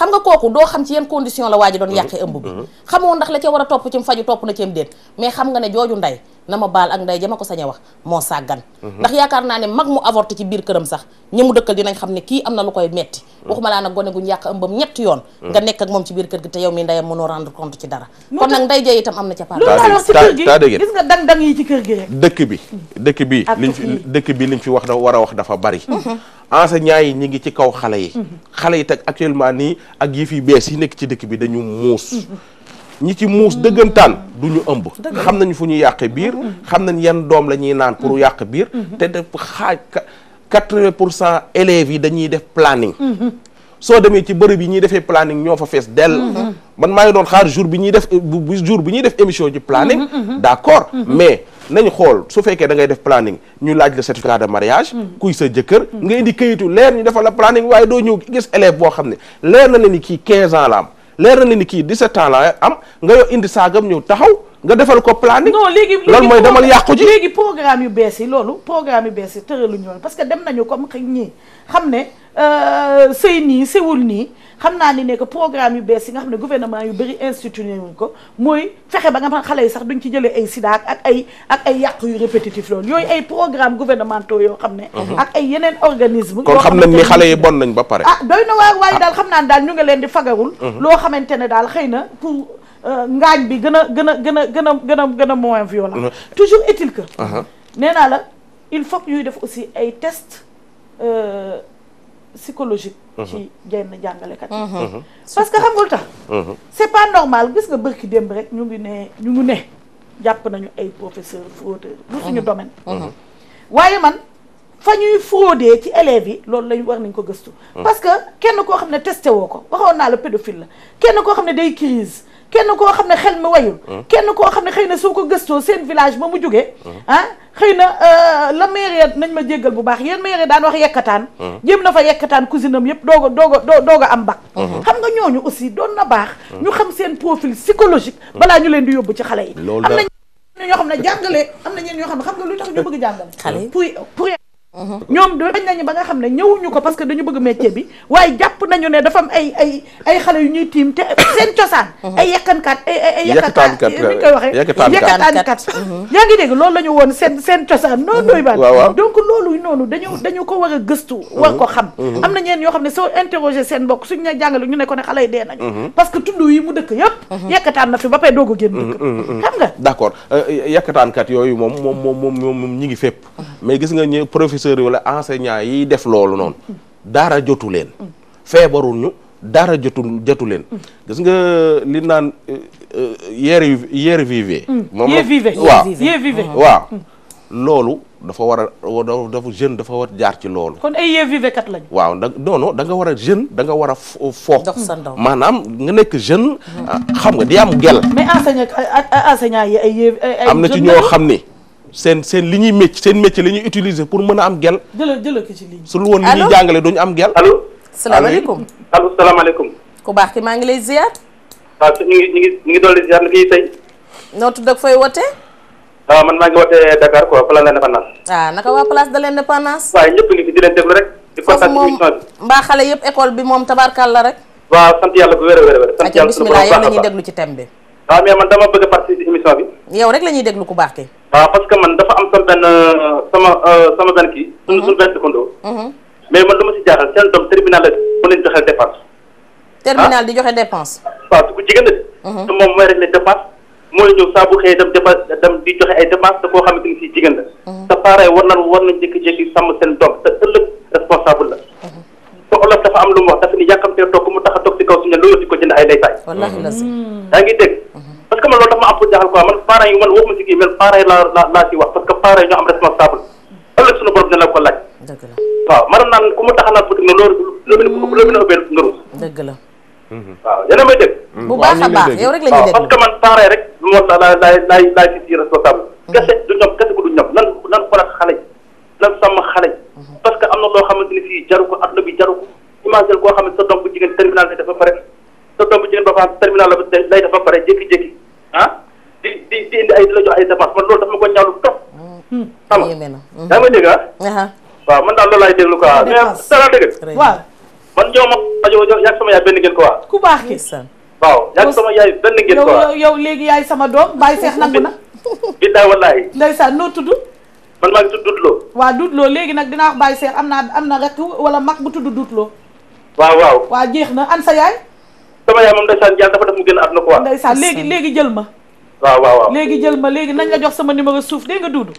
xam nga kooku doo xam ci yan condition la waa ji doon mm-hmm. yàqee ëmb bi mm-hmm. xamoo ndax la ca war a topp ci faju topp na ceem déet mais xam nga ne jooju nday na ma baal ak nday jama ko sañ a wax moo sàggan mm-hmm. ndax yaakaar naa ne mag mu avorté ci biir këram sax ñi mu dëkkal dinañ xam ne kii am na lu koy metti waxuma laa nag gone guñ yàq ëmbam ñetti yoon nga nekk ak moom ci biir kër gi te yow mi ndayam mënoo rendre compte ci dara kon nag nday ja itam am na ca part taa dégg gis nga dang dang yi ci kër gi rek dëkk bi dëkk bi liñ fi dëkk bi liñ fi wax da war a wax dafa bari enseignants yi ñi ngi ci kaw xale yi mm-hmm. xale yi teg actuellement nii ak yëf yu bees yi nekk ci dëkk bi dañu muus mm-hmm. ñi ci muus dëggantaan du ñu ëmb xam nañ fu ñu yàq biir mm-hmm. xam nañ yan doom la ñuy naan pour yàq biir te def xaaj quatre-vingt pour cent élèves yi dañuy def planning soo demee ci bërëb yi ñuy defee planning ñoo fa fees dell mm-hmm. Mm-hmm. man maa ngi doon xaar jour bi ñuy def jour bi ñuy def émission ci planning mm-hmm. d'accord mais nañ xool su fekkee da ngay def planning ñu laaj la certificat de mariage kuy sa jëkkër nga indi kayitu leer ñu defal la planning waaye doo ñëw gis élève boo xam ne leer na leen kii quinze ans la am leer na leen kii di ans la am nga yow indi saagam ñëw taxaw nga defal ko planning. non léegi mooy demal yàqu ji léegi programme yu bees yi loolu programme yu bees yi tëraluñu woon parce que dem nañu comme xëy ñii xam ne euh, sëy nii sewul nii xam naa ni nekk que programme yu bees yi nga xam ne gouvernement yu bëri institué wuñ ko mooy fexe ba nga xam xale yi sax duñ ci jëlee ay sida ak ay ak ay yàqu yu répétitif loolu yooyu ay programme gouvernementaux yoo xam ne. Mhm. ak ay yeneen organisme kon xam nañ ni xale yi bon nañ ba pare. ah doy na waar waaye ah. xam naa daal ñu nga leen di fagarul. Mhm. loo xamante ne daal xëy na Euh, ngaañ bi gën a gën a gën a gën a gën a gën a moins violent toujours est-il que uh-huh. nee naa la il faut que ñuy def aussi ay tests euh, psychologique uh-huh. ci jenn jàngalekat yi uh-huh. parce que xam nga lu tax c'est pas normal gis nga bërki démb rek ñu ngi ne ñu ngi ne jàpp nañu ay professeur fraudeur lu suñu domaine waaye man fa ñuy fraudé ci élèves yi loolu lañu war nañ ko gëstu parce que kenn koo xam ne testé woo ko waxoon naa la pédophile la kenn koo xam ne day crise kenn koo xam ne xel mi wayul mm. kenn koo xam ne xëy na soo ko gëstoo seen village ba mu jógee mm. ah xëy na euh, la maire nañ ma jéggal bu baax yéen maire daan wax yekkataan mm. jéem na fa yekkataan cousine am yëpp doog a doog a doog am bac mm-hmm. xam nga ñooñu aussi doon na baax ñu xam seen profil psychologique balaa ñu leen di yóbbu ci xale yi am na ñoo xam ne jàngale am na ñeen ñoo xam ne xam nga lu tax ñu bëgg jàngale pour pour Uh-huh. ñoom do ba nga xam ne ñëwuñu ko parce que dañu bëgg métier bi waaye jàpp nañu ne dafa am ay ay ay xale ngi loolu la ñu woon seen seen cosaan noonu uh-huh. doy baat donc loolu noonu uh-huh. ko war a gëstu war ko xam am na ñeen yoo xam ne soo interroger seen mbokk suñu ne jàngale ñu ne ko ne xale yi dee nañu parce que tund yi mu dëkk yëpp yekkataan na fi ba pay doog a dëkk xam nga d'accord euh, yekkataankat yooyu moom moom moom moom ñi ngi fépp mais gis nga ñu professeurs yi wala enseignants yiy def loolu noonu dara jotu leen feebaruñu dara jotu jotu leen gis nga li naan euh, euh, yére yére vive hmm. moom waaw hmm. waaw loolu dafa wara a dafa jeune dafa war jaar ci loolu. kon ay yee waaw da non war a jeune danga nga war a fo. maanaam nga nekk jeune. Ah, xam nga di am gel mais enseignant enseignant yi am na ci ñoo xam ni. seen seen li ñuy mécc seen métier li ñuy utiliser pour mën a am gel. jëlal jëlal ko ci ligne su lu woon li ñuy jàngale duñu am gel. allo salaamaaleykum allo salaamaaleykum. ku baax ki maa ngi lay ziar. waaw ñu ngi ñu ngi ñu ngi dolli ziar na kii tey. noo tudd ak fooy wote waaw man maa ngi wote Dakar quoi place de l'indépendance. ah naka waa place de l'indépendance. waaye ñëpp ngi fi di leen déglu rek. di kontaan ci émission bi mbaa xale yëpp école bi moom tabarkal la rek. waaw sant yàlla bu wér a a wér. sant yàlla bismillah yow la ñuy déglu ci thème bi. waaw mais man dama bëgg a participer ci émission rek la ñuy déglu ku baax waaw parce que man dafa am sama benn sama euh, sama benn kii. Mhm. suñu suñu benn secondo. Mhm. mais man dama si jaaxal seen doom terminal la ba joxe dépense. terminal ah. di joxe dépense. waaw su ko jigéen de. Mhm. te moom mooy régler dépense mooy ñëw saa bu xëyee dem dépense dem di joxe ay dépense koo xamante si jigéen la. te responsable la. te olof dafa am lu mu dafa ni yàkkamtee toog mu tax a toog kaw suñu loolu di ko jënd ay laytaay. wallaahi la si yaa ngi parce que man loolu dafa ma am pour jaaxal quoi man parents yi man waxuma si kii mel yi laa si wax parce que yi ñoo am responsable ëllëg suñu borom dina la ko laaj. dëgg la waaw maanaam naan ku mu tax a naan politique loolu loolu loolu la ubbeel nga ruus. dëgg la. waaw yéen a may dégg. Mm. baax a baax yow rek la ñuy dégg parce que man parents yi rek lu ma la laay laay laay laay si si responsable. Mm-hmm. kese du ñoom kese ko nan nan xale nan sàmm xale yi mm-hmm. am na loo xamante ni fii jaru ko àdduna bi jaru ko imagine koo xam ne sa doom bu jigéen terminal dafa sa doom jigéen ba faam terminal lay def ba pare jékki-jékki ah di di di indi ay di la jox ay dépense man loolu dafa ma ko ñaalu trop. Hmm. xam nga hmm. yaa ngi dégg ah. Uh-huh. waaw man daal loolu laay déglu quoi. dépense man ñoo ma rajo yaa sama yaay benn ngeen ko waa. ku baax ki waaw yaa sama yaay benn ngeen ko waa. yow léegi yaay sama doom bàyyi seex nangu na. *laughs* billaay wallaay. ndeysaan noo tudd. man maa ngi loo Dutloo. waaw Dutloo léegi nag dinaa wax bàyyi seex am naa am na rek wala mag bu tudd Dutloo. waaw waaw. waa jeex na an sa yaay. sama yaay moom ndeysaan yàlla dafa def mu génn àdduna ko waa ndeysaan léegi léegi jël ma waaw waaw waaw léegi jël ma léegi nañ la jox sama numéro suuf dégg nga duudu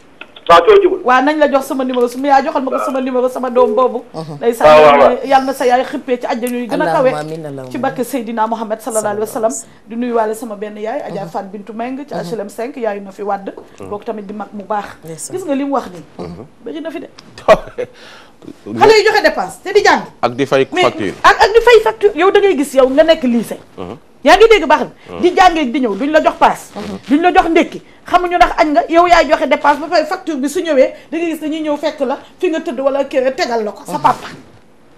waaw nañ la jox sama numéro su mu yaa joxal ma ko sama numéro sama doom boobu uh-huh. day sa na sa yaay xippee ci àjjana yu gën a kawe ci barke Seydina Muhammad sallallahu alayhi wa sallam di nuyu waale sama benn yaay Adja uh-huh. Fan Bintu Meng ci uh-huh. HLM 5 yaayu na fi wàdd kooku tamit di mag mu baax gis nga li mu wax nii bëri na fi de *laughs* xale yu joxe dépense te di jàng. ak di fay facture ak ak di fay facture yow da gis yow nga nekk se uh-huh. yaa ngi dégg baax na. Uh-huh. di jàngee di ñëw ñu la jox paas. Uh-huh. ñu la jox ndékki xamuñu ndax añ nga yow yaay joxe dépense ba fay facture bi su ñëwee da ngay gis dañuy ñëw fekk la fi nga tëdd wala kii tegal la ko sa papa.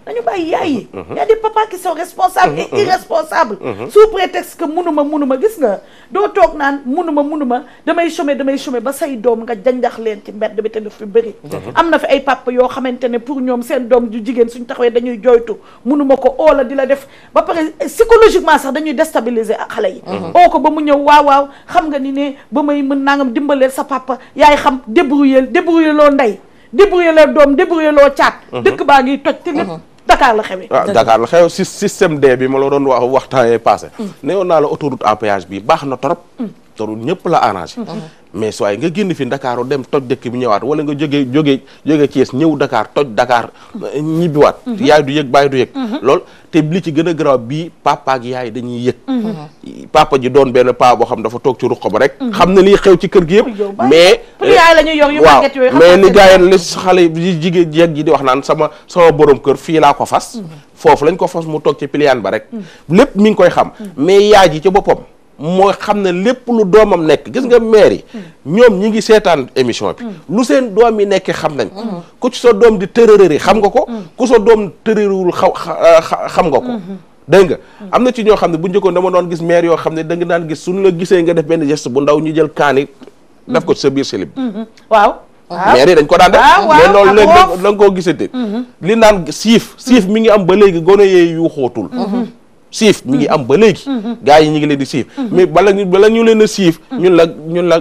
dañu bàyyi yaay yi y a des papas qui sont responsables et irresponsables sous prétexte que munuma munuma gis nga doo toog naan munuma munuma damay chômer damay chômer ba say doom nga janjax leen ci mbedd bi te daf fi bëri am na fi ay papa yoo xamante ne pour ñoom seen doom ju jigéen suñ taxawee dañuy jooytu munuma ko oola di la def ba pare psychologiquement sax dañuy déstabiliser xale yi oo ko ba mu ñëw waaw waaw xam nga ni ne ba may mën nangam dimbaleel sa papa yaay xam débrouiller débrouiller loo ndey débrouiller loo doom débrouiller loo caat dëkk baa ngi toj te lépp Dakar la xewee. waaw ah, Dakar la xew si système D bi ma la doon wax waxtaan yee passé. Mm. newoon naa la autoroute à péage bi baax na trop. Mm. te ñëpp la arrangé. Mm. mais sooy nga génn fi Dakar dem toj dëkk bi ñëwaat wala nga jógee jógee jógee Thiès ñëw dakaar toj dakaar euh, ñibbiwaat. Mhm. yaay du yëg baay du yëg. Mhm. lool te li ci gën a garaaw bii papa ak yaay dañuy yëg. Mhm. papa ji doon benn paa boo xam dafa toog ci ruq ba rek. xam na li xew ci kër gi yëpp. mais yaay la ñuy yor yu màgget yooyu mais li gars yi li xale yi jigéen jeeg di wax naan sama sama borom kër fii laa ko fas. foofu lañ ko fas mu toog ci pliaan ba rek. lépp mi ngi koy xam. mais yaay ji ci boppam. moo xam ne lépp lu doomam nekk gis nga maire yi ñoom ñi ngi seetaan émission bi lu seen doom yi nekkee xam nañ mm-hmm. ku ci sa doom di tërërëri xam nga ko mm-hmm. ku sa doom tërëriwul xaw euh, xam nga ko mm-hmm. dégg nga am na ci ñoo xam ne bu njëkkoon dama doon gis maire yoo xam ne da nga daan gis suñu la gisee nga def benn geste bu ndaw ñu jël kaani def ko ci sa biir silib waaw maire dañ ko daan def mais loolu léegi da nga koo gisate li naan siif siif mi ngi am ba léegi gone yee yuuxootul siif mi ngi am ba léegi mm-hmm. gars yi ñu ngi leen di siif mm-hmm. mais bala bala ñu leen a siif mm-hmm. ñun la ñun la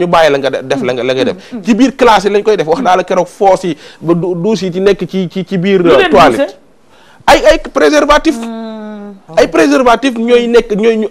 ñu bàyyi la nga def la nga la nga def ci biir classe lañ koy def wax naa la keroog foos yi ba duus yi ci nekk ci ci ci biir toilette ay ay préservatif mm. ay préservatif ñooy nekk ñooy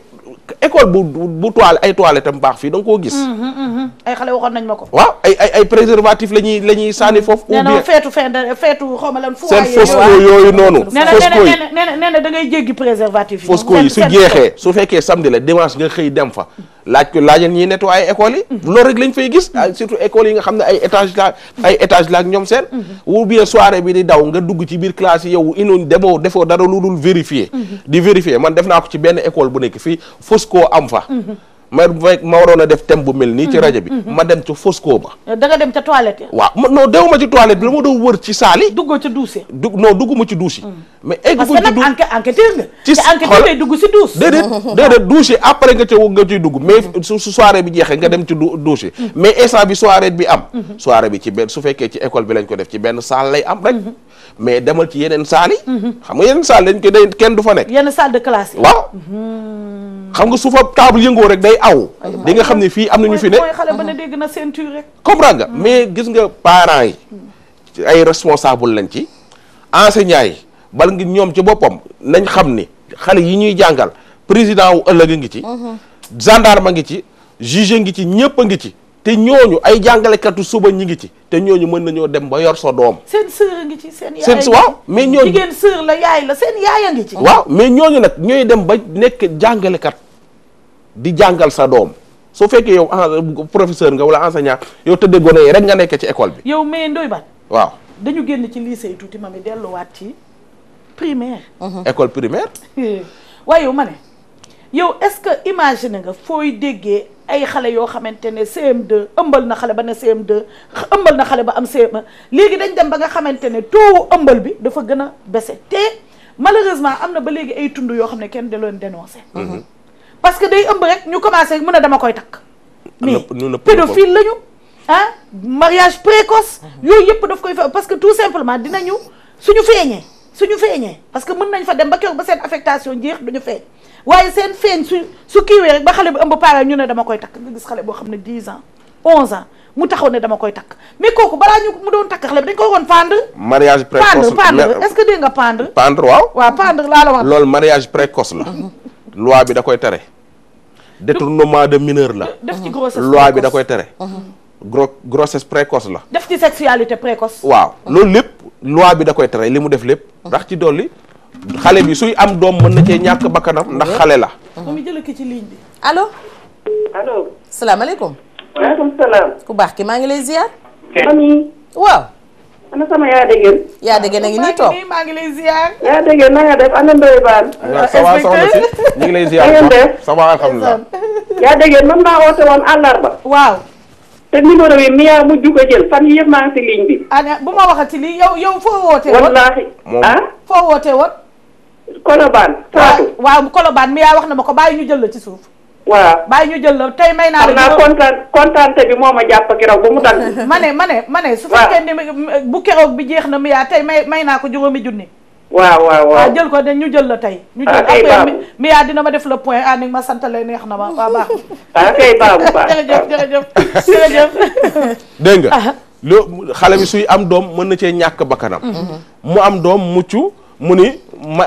école bu bu toile ay toilette tam baax fii da nga koo gis. Mm-hmm, mm-hmm. ay xale nañ ma ko. waaw ay ay ay préservatif la ñuy la ñuy sànni mm-hmm. foofu. ou bien nee na feetu fin de feetu xaw ma lan. fu seen fosco yooyu noonu. fosco yi da ngay jéggi préservatif yi. fosco yi su jeexee su fekkee samedi la dimanche nga xëy dem fa. laaj ko laajal ñuy nettoyer école yi. loolu rek lañ fay gis. Ah, surtout école yi nga xam ne ay étage la ay étage ñoom seen. ou bien soirée bi di daw nga dugg ci biir classe yi yow inoon demoo defoo dara lu dul vérifier. di vérifier man def naa ko ci benn école bu nekk fii fës koo am fa mm-hmm. ma fekk ma waroon a def thème bu mel nii ci mhm. rajo bi mhm. ma dem ca Fosco ba da nga dem ca toilette ya waaw non dew ma ci toilette bi la ma doon wër ci saali duggoo ci duus yi mhm. mais egg parce nga ci enquêteur lay dugg si mais su soirée bi jeexee nga dem ci duus yi mais instant bi soirée bi am soirée bi ci benn su fekkee école bi lañ ko def ci benn saal lay am rek mais demal ci yeneen saal yi xam nga yeneen saal lañ ko day kenn du fa nekk yenn salle de classe yi waaw xam nga su fa table yëngoo rek day aw di nga xam ne fii am nañu fi ne xale ba ne na ceinture rek comprendre nga mais gis nga parent yi ay responsable lañ ci enseignants yi bal ngi ñoom ci boppam nañ xam ni xale yi ñuy jàngal président wu ëllëg a ngi ci mhm. gendarme a ngi ci juge ngi ci ñëpp a ngi ci te ñooñu ay jàngalekatu suba ñi ngi ci te ñooñu mën na nañoo dem ba yor soo doom. seen sœur ngi ci seen. yaay seen mais ñooñu jigéen sœur la yaay a ngi ci. waaw mais ñooñu nag ñooy dem ba nekk jàngalekat. di jàngal sa doom soo fekkee yow ah, professeur nga wala enseignant yow tëddee gone yi rek nga nekk ci école bi. yow mais Ndoye Bane. waaw dañu génn ci lycée yi tuuti ma mi delluwaat ci primaire. Mhm. école primaire. *laughs* waaye yow ma ne yow est-ce que imagine nga fooy déggee ay xale yoo xamante ne CM2 ëmbal na xale ba ne CM2 ëmbal na xale ba am CM1 léegi dañ dem ba nga xamante ne taux ëmbal bi dafa gën a bese te malheureusement am na ba léegi ay tund yoo xam ne kenn da leen dénoncé. Mhm. parce que day ëmb rek ñu commencé mën a dama koy takk. mais pédophile lañu ah mariage précoce. Mhm. yooyu yëpp daf koy fa parce que tout simplement dinañu suñu feeñee suñu feeñee parce que mën nañ fa dem ba keroog ba seen affectation jeex duñu feeñ waaye seen feeñ su su kiiwee rek ba xale bi ëmb pare ñu ne dama koy takk nga gis xale boo xam ne 10 ans 11 ans mu taxaw ne dama koy takk mais kooku balaa ñu mu doon takk xale bi dañ ko woon pendre. mariage précoce pendre pendre est-ce nga pendre. pendre waaw waaw loolu mariage précoce la. Mhm. loi bi da koy tere. détournement de mineur la. def ci grossesse loi bi da koy tere. Mhm. gros grossesse précoce la. def ci sexualité précoce. waaw loolu lépp loi bi da koy tere li mu def lépp. Mhm. ndax ci dolli xale bi suy am doom mën na cee ñàkk bakkanam ndax mhm. xale la. moom it jëlee ki ci ligne bi. allo. ku baax ki maa ngi lay ziar. waaw. ana sama yaa dégg. yaa dégg na ngi nii toog maa ngi lay ziar. yaa dégg na def ana Ndoye Bane. waaw eh, soxna si def sama alhamdulilah. man maa woote woon àllarba. waaw. te numéro bi mi yaa mujj ko jël fan yii ma maa ngi si ligne bi. ana bu ma waxati lii yow yow foo woote woon. wallaahi ah. foo woote woon. Colobane. Fatou waaw waaw Colobane mi yaa wax na ma ba yu jël la ci suuf. waaw bàyyi ñu jël la tey may naa. la kontaan kontaante bi moo ma jàpp raw ba mu dagg. *laughs* ma ne ma ne ma bu keroog bi jeex na mu tey may may naa ko juróomi junni. waaw waaw waaw ah, jël ko de ñu jël la tey. ñu jël ah, après dina ma def le point ah ma sant lay neex na ma waa baax. *laughs* ah kay baabu baax jërëjëf *laughs* dégg nga. Ah. loo xale bi suy am doom mën na cee ñàkk bakkanam. Mm-hmm. mu am doom mucc mu ni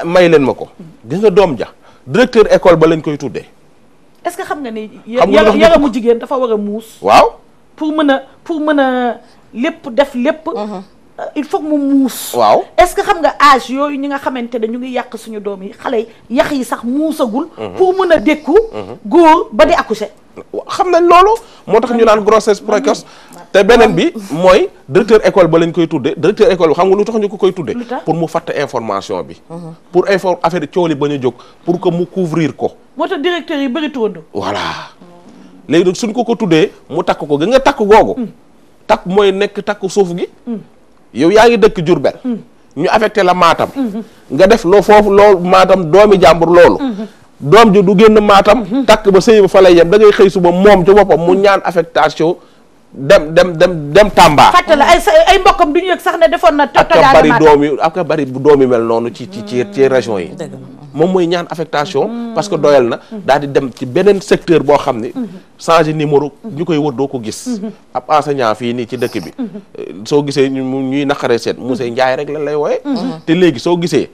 may leen ma ko. Mm-hmm. gis nga doom ja directeur école ba lañ koy tuddee est-ce que xam nga ne. yaramu jigéen dafa war a muus. waaw pour mën a pour mën a lépp def lépp. Mhm. Euh, il faut mu muus. waaw est-ce que xam nga âge yooyu ñi nga xamante ne ñu ngi yàq suñu doom yi xale yi yax yi sax muusagul. Mhm. pour mën a dékku. Mhm. góor ba di accoucher. xam nañ loolu moo tax ñu naan grossesse précoce te beneen bi mooy directeur école ba lañ koy tuddee directeur école xam nga lu tax ñu ko koy tudde pour mu fàtte bi pour info affaire coow ba ñu jóg pour que mu couvrir ko moo tax directeur yi bëri tudd léegi nag suñ ko ko tuddee mu takk ko gi nga takk googu mm. takk mooy nekk takk suuf gi mm. yow yaa ngi dëkk jur Jurbel mm. ñu affecté la maatam mm-hmm. nga def loo foofu loo Matam doomi jàmbur loolu mm-hmm. doom ji du génn maatam mhm. takk ba sëy ba fa lay yem da ngay xëy suba moom ci boppam mu mhm. ñaan affectation dem dem dem dem Tamba. fàttali ay ay mbokkam du ñu yëg sax ne defoon na. tojaana ak bari doom yi ak bari doom yi mel noonu. ci ci ci ci mm. région yi. moom mooy ñaan affectation. Mm. parce que doyal na. Mm. daal di dem ci beneen secteur boo xam ni. Mm-hmm. changer numéro mm-hmm. ñu koy wër doo ko gis. Mm-hmm. ab enseignant fii nii ci dëkk bi. Eh, soo gisee ñuy naqaree seet monsieur Ndiaye rek lan lay wooye. te léegi soo gisee.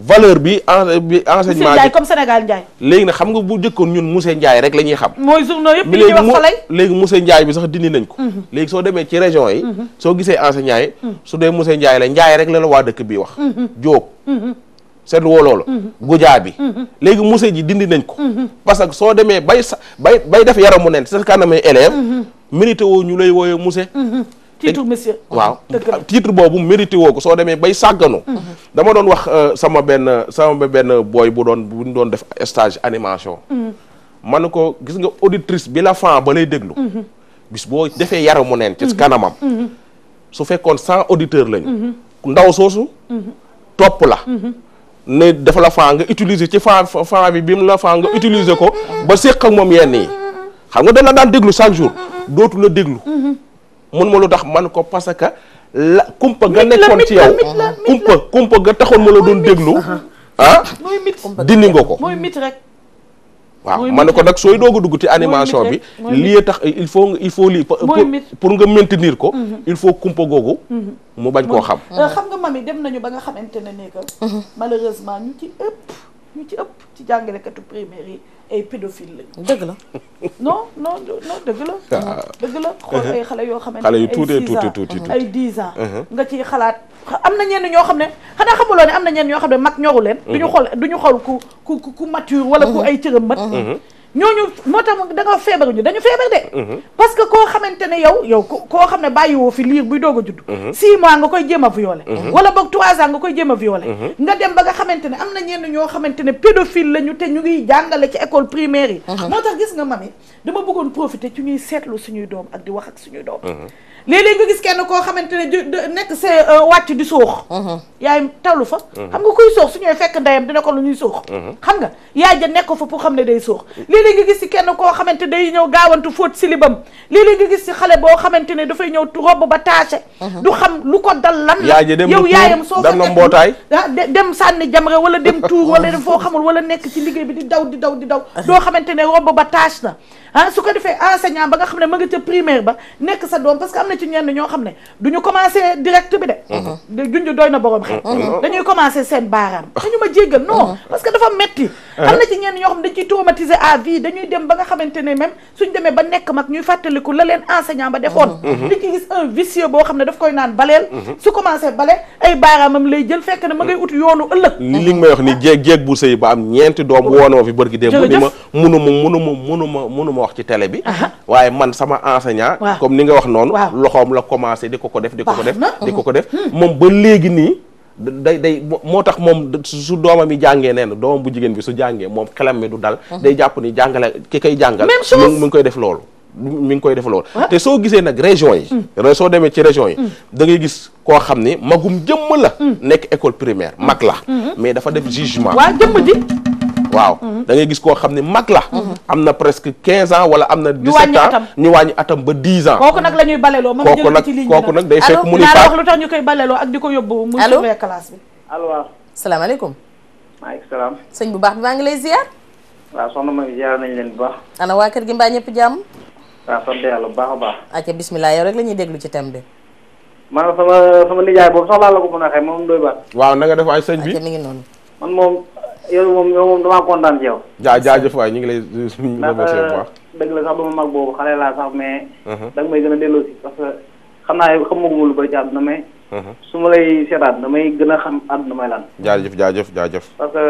valeur bi en bi enseignement bi comme Sénégal Ndiaye. léegi na xam nga bu jëkkoon ñun Moussé Ndiaye rek la ñuy xam. mooy journaux yëpp li ñuy wax Soleil. léegi Moussé Ndiaye bi sax dindi nañ ko. Mhm. léegi soo demee ci région yi. Mhm. soo gisee enseignants yi. Mhm. su dee Moussé Ndiaye la Ndiaye rek la la waa dëkk bi wax. Diop. seetlu woo loolu. Goudia bi. léegi Moussé ji dindi nañ ko. parce que soo demee bay sa bay bay def yaramu neen sa kanamay élève mérité woo ñu lay wooyee Moussé. titre monsieur waaw titre boobu mérité woo ko soo demee bay sàgganu mhm. dama doon wax euh, sama benn sama benn booy bu doon bu ñu doon def stage animation mhm. ma ne ko gis nga auditrice bi la fan ba lay déglu mhm. bis boo defee yaramu neen ci kanamam su fekkoon cent auditeur lañu ndaw soosu topp la ne def la fan nga utiliser ci fan fan bi bi mu la fan nga utiliser ko ba séq ak moom yenn yi xam nga dana daan déglu chaque jour dootu la déglu mun ma lu tax man ko parce que la kumpa nga nekkoon ci yow kumpa kumpa nga taxoon ma la doon déglu ah dindi nga ko mooy mit rek waaw man ne ko nag sooy doog a dugg ci animation bi lii tax il faut il faut lii pour nga maintenir ko mhm. il faut kumpa googu mhm. mu bañ koo xam euh, xam nga mami dem nañu ba nga xamante ne ne que mhm. malheureusement ñu ci ëpp ñu ci ëpp ci jàngalekatu primaire yi ay pédophile lañu. dëgg la. no non non dëgg la. Ah. dëgg la xool ay xale yoo xamante ne ay 6 ans ay 10 ans. Uh-huh. nga ciy xalaat am na ñenn ñoo xam ne xanaa xamu ne am na ñenn ñoo xam ne mag ñoru leen. Uh-huh. du ñu xool du ñu xool ku ku ku mature wala ku uh-huh. ay cëram mat. ñooñu moo tax da nga feebar ñu dañu feebar de. Mhm. parce que koo xamante ne yow yow koo xam ne bàyyiwoo fi liir buy doog a judd. 6 mhm. mois nga koy jëm a violé. Mhm. wala boog 3 ans nga koy jéem a violé. nga dem ba nga xamante ne am na ñenn ñoo xamante ne pédophile lañu te ñu ngi jàngale ci école primaire yi. moo tax gis nga mami dama bëggoon profiter ci ñuy seetlu suñuy doom ak di wax ak suñuy doom. léeg-léeg nga gis kenn koo xamante ne nekk sa euh, wàcc di suux mhm. yaay tawlu fa mhm. xam nga kuy suux su ñooy fekk ndeyam dina ko lu ñuy suux mhm. xam nga yaay ja nekk fa pour xam ne day suux léeg-léeg nga gis si kenn koo xamante day ñëw gaawantu fóot silibam léeg-léeg nga gis si xale boo xamante ne dafay ñëw robb ba taché du xam lu ko dal lan la yow yaayam soo dem na ah, dem sànni jamre wala dem tuur *laughs* wala dem foo xamul wala nekk ci liggéey bi di daw di daw di daw doo xamante ne robb ba taché na ah su ko defee enseignant ba nga xam ne ma nga ca primaire ba nekk que ci ñenn ñoo xam ne du ñu commencé direct bi mm-hmm. de junj doy na borom xel mm-hmm. Mm-hmm. dañuy commencé seen baaraam dañu ma jéggal parce que dafa metti am na ci ñenn ñoo xam ne dañ ciy traumatisé à vie dañuy dem ba nga xamante ne même suñ demee ba nekk mag ñuy fàttaliku la leen enseignant ba defoon di gis un vicieux boo xam ne daf koy naan baleel su commencé bale ay baaraamam lay jël fekk ne ma ngay ut yoonu ëllëg li li may wax ni jéeg jéeg bu sëy ba am ñeenti doom woon ma fi bërgi dee mu ni ma munu ma wax ci télé bi waaye man sama enseignant comme ni nga wax noonu loxoom la commencé di ko ko def di ko ko def di ko ko def mm-hmm. hmm. moom ba léegi nii day day moo tax moom su doomam yi jàngee nee na doomam bu jigéen bi su jàngee moom xelam mi du dal mm-hmm. day jàpp ni jàngale ki koy jàngal mu ngi koy def loolu mi ngi koy def loolu te soo gisee nag région yi mm. soo demee ci région yi mm. dangay gis koo xam ni magum jëmm la mm. nekk école primaire mag la mm-hmm. mais dafa def jugement waa jëmm ji waaw mm-hmm. da ngay gis koo xam ne mag la mm-hmm. am na presque quinze ans wala am na dix-sept ans ñu wàññi atam ba dix ans kooku nag la ñuy baleloo ma kooku nag kooku nag day fekk mu ni wax lu tax ñu koy baleloo ak di ko yóbbu mu suufee classe bi allo waaw salaamaaleykum maaleykum salaam sëñ bu baax bi maa ngi lay ziar waaw soxna ma ziar nañ leen bu waa kër gi mbaa ñëpp jàmm waaw sant yàlla bu baax a baax aca bismillah yow rek la ñuy déglu ci thème bi maanaam sama sama nijaay boobu sax la ko mën a xëy moom doy baax waaw na nga def ay sëñ bi mi ngi noonu man moom yow moom yow moom damaa kontaan ci yow. jaa jaajëf waay ñu ngi lay. ñu remercier bu baax euh, dëgg la sax ba ma mag boobu uh-huh. da may gën a delloo parce que xam naa yow xamaguma lu bëri ci àdduna mais. Uh-huh. su ma lay seetaat damay gën a xam àdduna may lan. jaajëf jaajëf jaajëf. parce que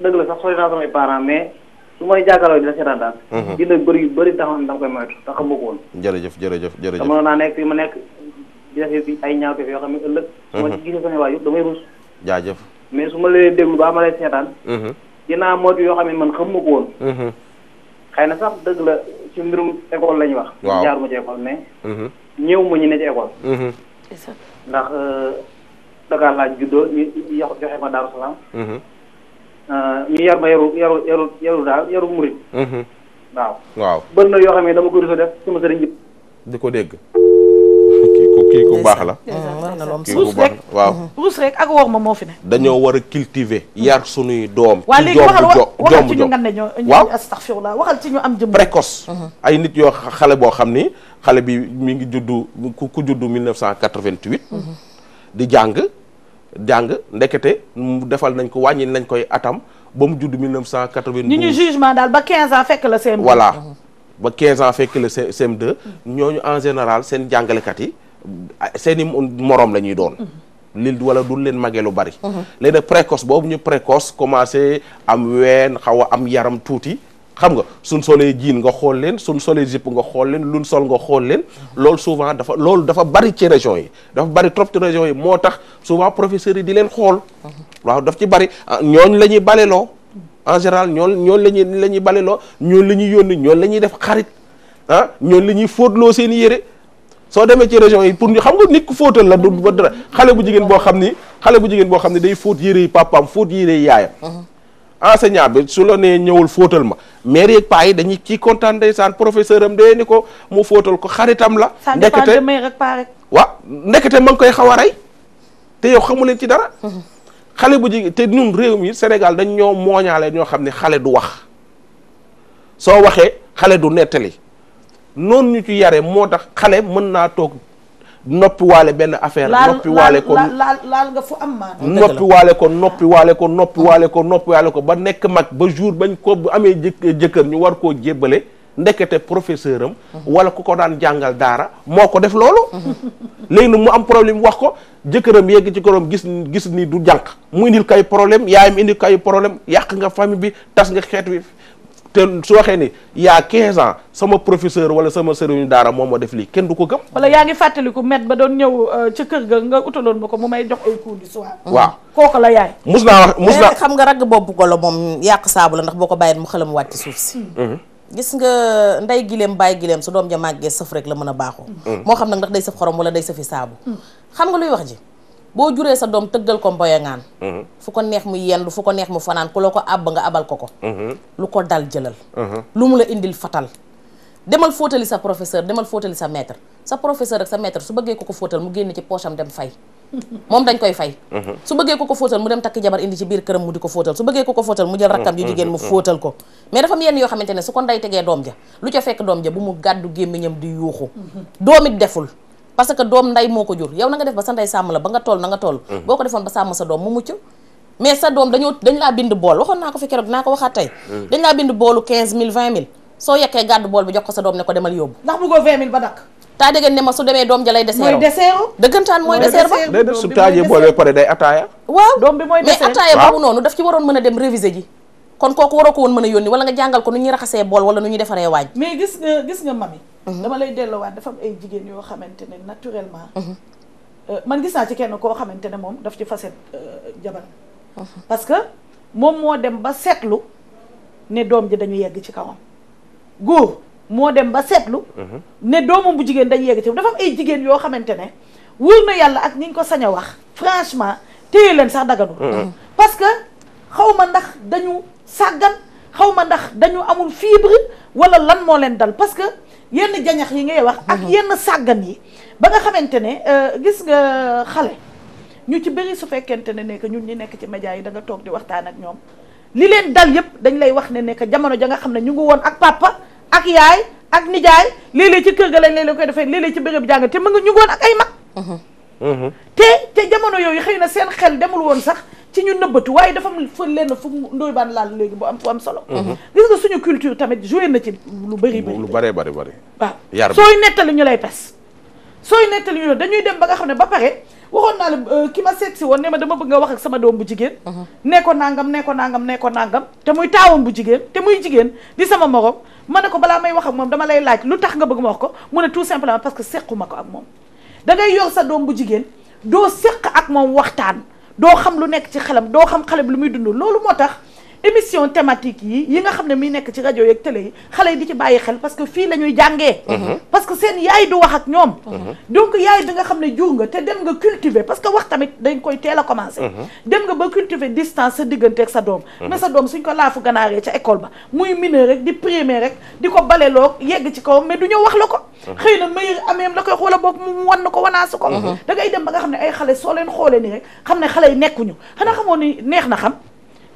dëgg la sax sori naa may parents mais su may jàkkaarloo dina seetaan daal. Uh-huh. dina bëri yu bëri taxaw da koy moytu te xamu ko jërëjëf jërëjëf jërëjëf. dama naa nekk fi ma nekk di ay ñaawteef yoo xam ne ëllëg. su ma gisee sama waay yëpp damay rus. jaajëf mais su ma lay déglu ba ma lay seetaan. dinaa mhm. moytu yoo xam ne man xamuma ko woon. Mhm. xëy na sax dëgg la ci mbirum école la wax. waaw jaar ma ci école mais. Mhm. ñëw ma ñu ne ci école. ndax euh, Dakar laa juddoo ñu joxe ma Daaru Salaam. Euh, ñu yar ma yaru yaru yaru yaru daal yaru murit. waaw waaw bëri na yoo xam ne dama ko rusa def sama sëriñ bi. di ko dégg. kii ku baax la kii ku baax la waaw ruus rek ak wor ma moo fi ne dañoo war a cultiver yar sunuy doom waaw léegi waxal waxal ci ñu ngan ne ñoo waaw am jëm précoce mm-hmm. ay nit yoo xale boo xam ni xale bi mi ngi juddu ku juddu 1988 mm-hmm. di jàng jàng ndekete mu defal nañ ko wàññi nañ koy atam ba mu judd 1992 ñu ñu jugement daal ba 15 ans fekk la CM2 mm-hmm. ba 15 ans fekk la CM2 ñooñu en général seen jàngalekat yi seeni moroom la ñuy doon lil wala du leen magee lu bari mhm. léegi nag précoce boobu ñu précoce commencé am ween xaw a am yaram tuuti xam nga suñ solee jiin nga xool leen suñ solee jipp nga xool leen luñ sol nga xool leen loolu souvent dafa loolu dafa bari ci région yi dafa bari trop ci région yi moo tax souvent professeurs yi di leen xool mhm. waaw daf ci bari ah, ñooñ la ñuy baleloo en général ñoon ñoon la ñuy la ñuy baleloo ñoon la ñuy yónni ñoon la ñuy def xarit ah yére soo demee ci région yi pour ñu xam nga nit ku fóotal la du ba dara xale bu jigéen boo xam ni xale bu jigéen boo xam ni day fóot yére yi papaam fóot yére yi yaayam uh-huh. enseignant bi su la nee ñëwul fóotal ma maire yeeg paa yi dañuy ci kontaan ndeysaan professeur am dee ni ko mu fóotal ko xaritam la ndekete waaw ndekete ma ngi koy xaw a rey te yow xamu leen ci dara uh-huh. xale bu jigéen te ñun réew mi Sénégal dañ ñoo mooñaale ñoo xam ne xale du wax soo waxee xale du nettali noonu ñu ci yare moo tax xale mën naa toog noppi waale benn affaire noppi waale ko laal nga fu am maanaam waale ko noppiwaale ko noppi waale ko noppi waale ko ba nekk mag ba jour bañ ko bu amee jëkk jëkkër ñu war koo jébbale ndekete professeur am mhm. wala ku ko daan jàngal daara moo ko def loolu mhm. léegi nag mu am problème wax ko jëkkëram yegg ci korom gis gis ni du jànq mu indil kay problème yaayam indil kay problème yàq nga famille bi tas nga xeet wi te su waxee ni yaa 15 ans sama professeur wala sama sëriñu daara moom moo def lii kenn du ko gëm. wala yaa ngi fàttaliku met ba doon ñëw euh, ca kër ga nga utaloon ma ko mu may jox ay cours du mm-hmm. la yaay. mus naa wax mus naa xam nga ragg boobu golo moom yàq saabu la ndax boo ko bàyyee mu xelam wàcc suuf si. Mm-hmm. gis nga nday gileem bàyyi gileem su doom ja màggee sëf rek la mën a baaxoo. Mm-hmm. moo xam nag ndax day sëf xorom wala day sëfi saabu. xam nga luy wax ji. boo juree sa doom tëggal ko mboyangaan mhm. fu ko neex mu yendu fu ko neex mu fanaan ku la ko àbb nga abal ko ko mhm. lu ko dal jëlal mhm. lu mu la indil fatal demal fóotali sa professeur demal fóotali sa maître sa professeur ak sa su bëggee ko ko fóotal mu génn ci poche am dem fay *laughs* moom dañ koy fay su bëggee ko ko fóotal mu dem takk jabar indi ci biir këram mu di ko fóotal su bëggee ko ko fóotal mu jël rakkam ju jigéen mu fóotal ko mais dafa am yenn yoo xamante ne su ko nday tegee doom ja lu ca fekk doom ja bu mu gàddu gémmiñam di yuuxu doomit deful parce que doom nday moo ko jur yow na nga def ba sa nday sàmm la ba nga toll na nga toll mhm. boo ko defoon ba sàmm sa doom mu mucc mais sa doom dañoo laa bind bool waxoon naa ko fi keroog dinaa ko waxaat tey mhm. dañ laa bind boolu 15000 20000 soo yekkee gàddu bool bi jox ko sa doom ne ko demal yóbbu taa dëggantaan mooy deseer ba day def su taajee bool ba pare day ataaya waaw doom bi mooy deseer noonu daf ci waroon mën a dem réviser ji kon kooku waroo ko woon mën a yónni wala nga jàngal ko nu ñuy raxasee bool wala nu ñuy defaree waañ mais gis nga gis nga mami mhm. dama lay delloowaat dafa am ay jigéen yoo xamante ne naturellement mhm. euh, man gis naa ci kenn koo xamante ne moom daf ci faset euh, jabar mhm. parce que moom moo dem ba seetlu ne doom ji dañu yegg ci kawam góor moo dem ba seetlu ne doomam bu jigéen dañu yegg ci dafa am ay jigéen yoo xamante ne wóor na yàlla ak niñ ko sañ a wax franchement téye leen sax daganu parce que ndax dañu sàggan xaw ma ndax dañu amul fibre wala lan moo leen dal parce que yenn jañax yi ngay wax ak mhm. yenn sàggan yi ba nga xamante ne euh, gis nga xale ñu ci bëri su fekkente ne nekk ñun ñi nekk ci média yi da toog di waxtaan ak ñoom li leen dal yépp dañ lay wax ne nekk jamono ja nga xam ne ñu ngi woon ak papa ak yaay ak nijaay léeg ci kër ga lañ léeg-léeg koy defee léeg-léeg ci béréb jàng te mu ngi ñu ngi woon ak ay mag mhm. Mhm. te te jamono yooyu xëy na seen xel demul woon sax ci ñu nëbbatu waaye dafa am fa lenn fu ndoy baan laal léegi bu am bu am solo mhm. gis nga suñu culture tamit joué na ci lu bëri bëri lu bëree bëri bëri waaw yar sooy nettali ñu lay pes sooy nettali ñu dañuy dem ba nga xam ne ba pare waxoon naa la euh, ki ma seet si woon ne ma dama bëgg nga wax ak sama doom bu jigéen mhm. nee ko nangam nee ko nangam nee ko nangam te muy taawam bu jigéen te muy jigéen di sama morom ma ne ko balaa may wax ak moom dama lay laaj lu tax nga bëgg ma wax ko mu ne tout simplement parce que sequma ko ak moom da ngay yor sa doom bu jigéen doo seq ak moom waxtaan doo xam lu nekk ci xelam doo xam xale bi lu muy dund loolu moo tax émission thématique yi yi nga xam ne miy nekk ci rajo yeeg télé yi xale yi di ci bàyyi xel parce que fii la ñuy jàngee mhm. parce que seen yaay du wax ak ñoom mhm. donc yaay bi nga xam ne jur nga te dem nga cultiver parce que wax tamit dañ koy teel a commencé mhm. dem nga ba cultiver distance sa diggante ak sa doom mais sa doom suñ ko laafu ganaaree ca école ba muy mineur rek di primaire rek di ko baleloo yegg ci kawam mais du ñëw wax la ko xëy na meilleur ameem la koy wala boog mu wan na ko wanaasu ko da ngay dem ba nga xam ne ay xale soo xoolee nii rek xam ne xale yi nekkuñu xanaa xamoon ni neex na xam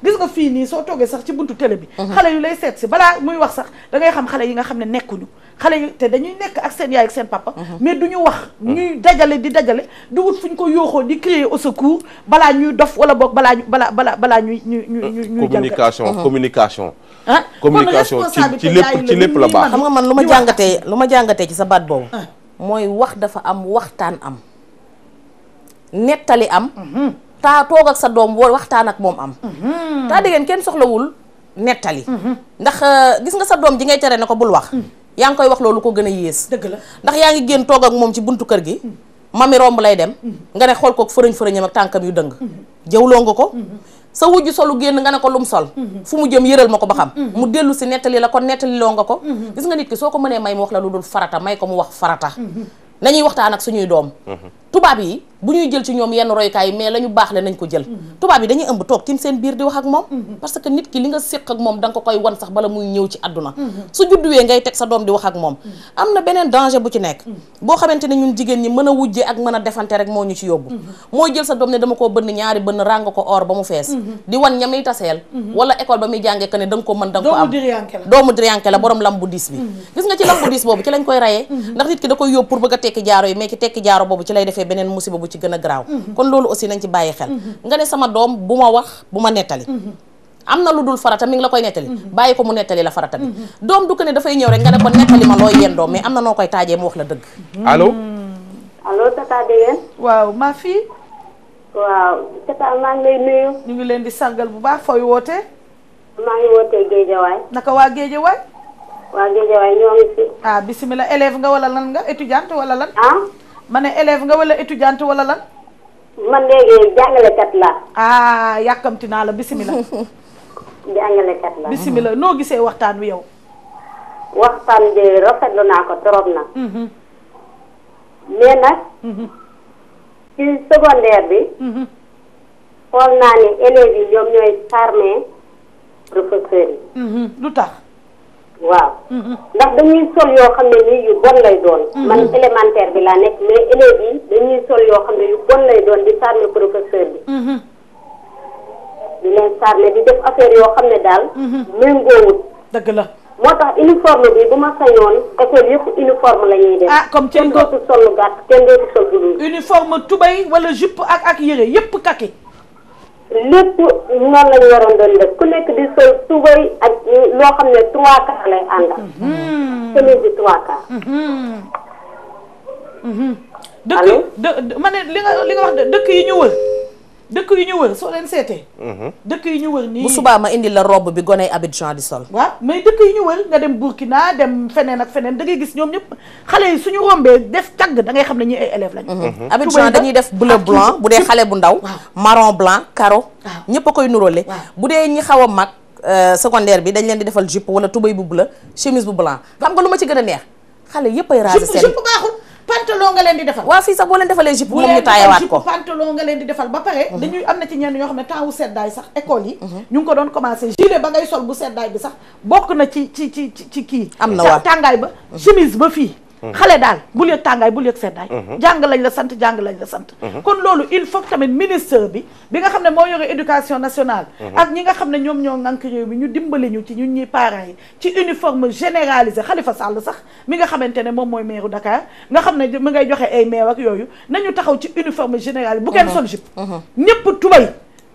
gis nga fii nii soo toogee sax ci buntu télé bi uh-huh. xale yu lay seet si balaa muy wax sax da xam xale yi nga xam ne nekkuñu xale yu te dañuy nekk ak seen yaay ak seen papa uh-huh. mais du ñu wax uh-huh. ñuy dajale di dajale du wut fu ñu ko yooxoo di crier au secours balaa ñuy dof wala boog balaa balaa balaa balaa ñuy ñu ñu ñuy communication communication ah communication ci ci lépp ci lépp la man lu ma jàngatee lu ma jàngatee ci sa baat boobu ah. mooy wax dafa am waxtaan am nettali am pas toog ak sa doom woo waxtaan ak moom am mhm. taa diggéen kenn soxlawul nettali mhm. ndax euh, gis nga sa doom ji ngay tere ne ko bul wax mhm. yaa ngi koy wax loolu ko gën a yées dëgg la ndax yaa ngi génn toog ak moom ci buntu kër gi ma mi romb lay dem nga ne xool ko fërëñ fërëñam ak tànkam yu dëng jëwloo nga ko sa wujj solu génn nga ne ko lum sol fu mu jëm yëral ma ko ba xam mu dellu si nettali la ko nettali loo nga ko gis nga nit ki soo ko mënee may mu wax la lu dul farata may ko mu wax farata nañuy waxtaan ak suñuy doom tubaab yi bu ñuy jël ci ñoom yenn royukaay mais la ñu baax le nañ ko jël mm-hmm. tubaab yi dañuy ëmb toog tim seen biir di wax ak moom mm-hmm. parce que nit ki li nga séq ak moom da ko koy wan sax bala muy ñëw ci mm-hmm. sa doom di wax ak moom am na beneen danger bu boo xamante ne ñun jigéen ñi mën a wujjee ak mën moo ñu ci yóbbu mooy jël sa bënn ñaari bënn ràng ko or ba mu fees di wan ña muy taseel école ba muy jàngee ne da ko mën da nga ko am doomu diriyanke la borom lambu diis bi gis nga ci lambu diis boobu ci lañ koy rayee ndax nit ki da koy yóbbu pour bëgg a tekki jaaro yi mais ci tekki jaaro boobu ci beneen musiba bu ci gën a garaaw mhm. kon loolu aussi nañ ci bàyyi xel mhm. nga ne sama doom bu ma wax bu ma nettali mhm. am na lu dul farata mi la koy nettali bàyyi ko mu nettali la farata bi doom du ko ne dafay ñëw rek nga ne ko nettali ma looy yéen doom am na noo koy taajee mu wax la dëgg allo allo tata Degen waaw maa fii waaw tata maa ngi lay nuyu ñu ngi leen di sargal bu baax fooy woote maa ngi wootee Géejawaay naka waa Géejawaay waa Géejawaay ñoo si ah, élève nga wala lan nga étudiante wala lan ah mane ne élève nga wala étudiante wala lan. man léegi jàngalekat la. ah yàkkamti naa la bisimilah. *laughs* jàngalekat la bisimilah noo gisee waxtaan wi yow. waxtaan bi rafetlu naa ko trop na. Mm-hmm. mais nag. Mm-hmm. ci secondaire bi. Mm-hmm. xool naa ni élèves yi ñoom ñooy charmer professeurs lu tax. waaw ndax dañuy sol yoo xam ne nii yu bon lay doon man élémentaire bi laa nekk mais élèves yi dañuy sol yoo xam ne yu bon lay doon di sàrme professeur bi mm-hmm. di leen sàrme di def affaire yoo xam ne daal mm-hmm. méngoowut dëgg la moo tax uniforme bi bu ma sañoon école yëpp uniforme la ñuy def ah comme kenn dootu sol lu gàtt kenn dootu sol bu wala jupe ak ak yére yëpp kaki lépp noonu la ñu doon def ku nekk di sol tubay ak loo xam ne trois quarts lay àndal. Mhm. chemise bi trois quarts. Mhm. Mhm. dëkk dë ma li nga li nga dëkk yi ñu wër. dëkk yu ñu wër soo leen seetee. Mhm. dëkk yu ñu wër nii. bu subaa ma indi la robe bi goney Abidjan di sol. waa mais dëkk yu ñu wër nga dem Burkina dem feneen ak feneen da gis ñoom ñëpp xale yi suñu rombee def càgg da ngay xam ne ñii ay élèves lañu. Mhm. Mhm. Abidjan dañuy def bleu blanc bu dee xale bu ndaw. marron blanc caro. waaw ñëpp a koy nuróole. bu dee ñi xaw a mag euh, secondaire bi dañ leen di defal jupe wala tubéy bu bleu chemise bu blanc. xam nga lu ma ci gën a neex xale yëpp ay raser seen jupe baaxul pantalon nga leen di defal waaw fii sax boo leen defalee jupe moom ñu taayawaat ko leen defal ba pare mhm. dañuy am na ci ñenn ñoo xam ne temps wu seddaay sax école yi mhm. ñu ngi ko doon commencé gilet ba ngay sol bu seddaay bi sax bokk na ci ci ci kii am na waat tàngaay ba mhm. chemise ba fii xale daal bul yëg tàngaay bul yëg seddaay mhm. jàng lañ la sant jàng lañ la sant mhm. kon loolu il faut tamit ministre bi bi nga xam ne moo yore éducation nationale mhm. ak ñi nga xam ne ñoom ñoom ngànk réew ñu dimbali ñu ci ñun ñi parents yi ci uniforme généralisé xalifa sàll sax mi nga xamante ne moom mooy mairu Dakar nga xam ne mu ngay joxe ay meew ak yooyu na ñu taxaw ci uniforme généralisé bu kenn sol jupe ñëpp tubay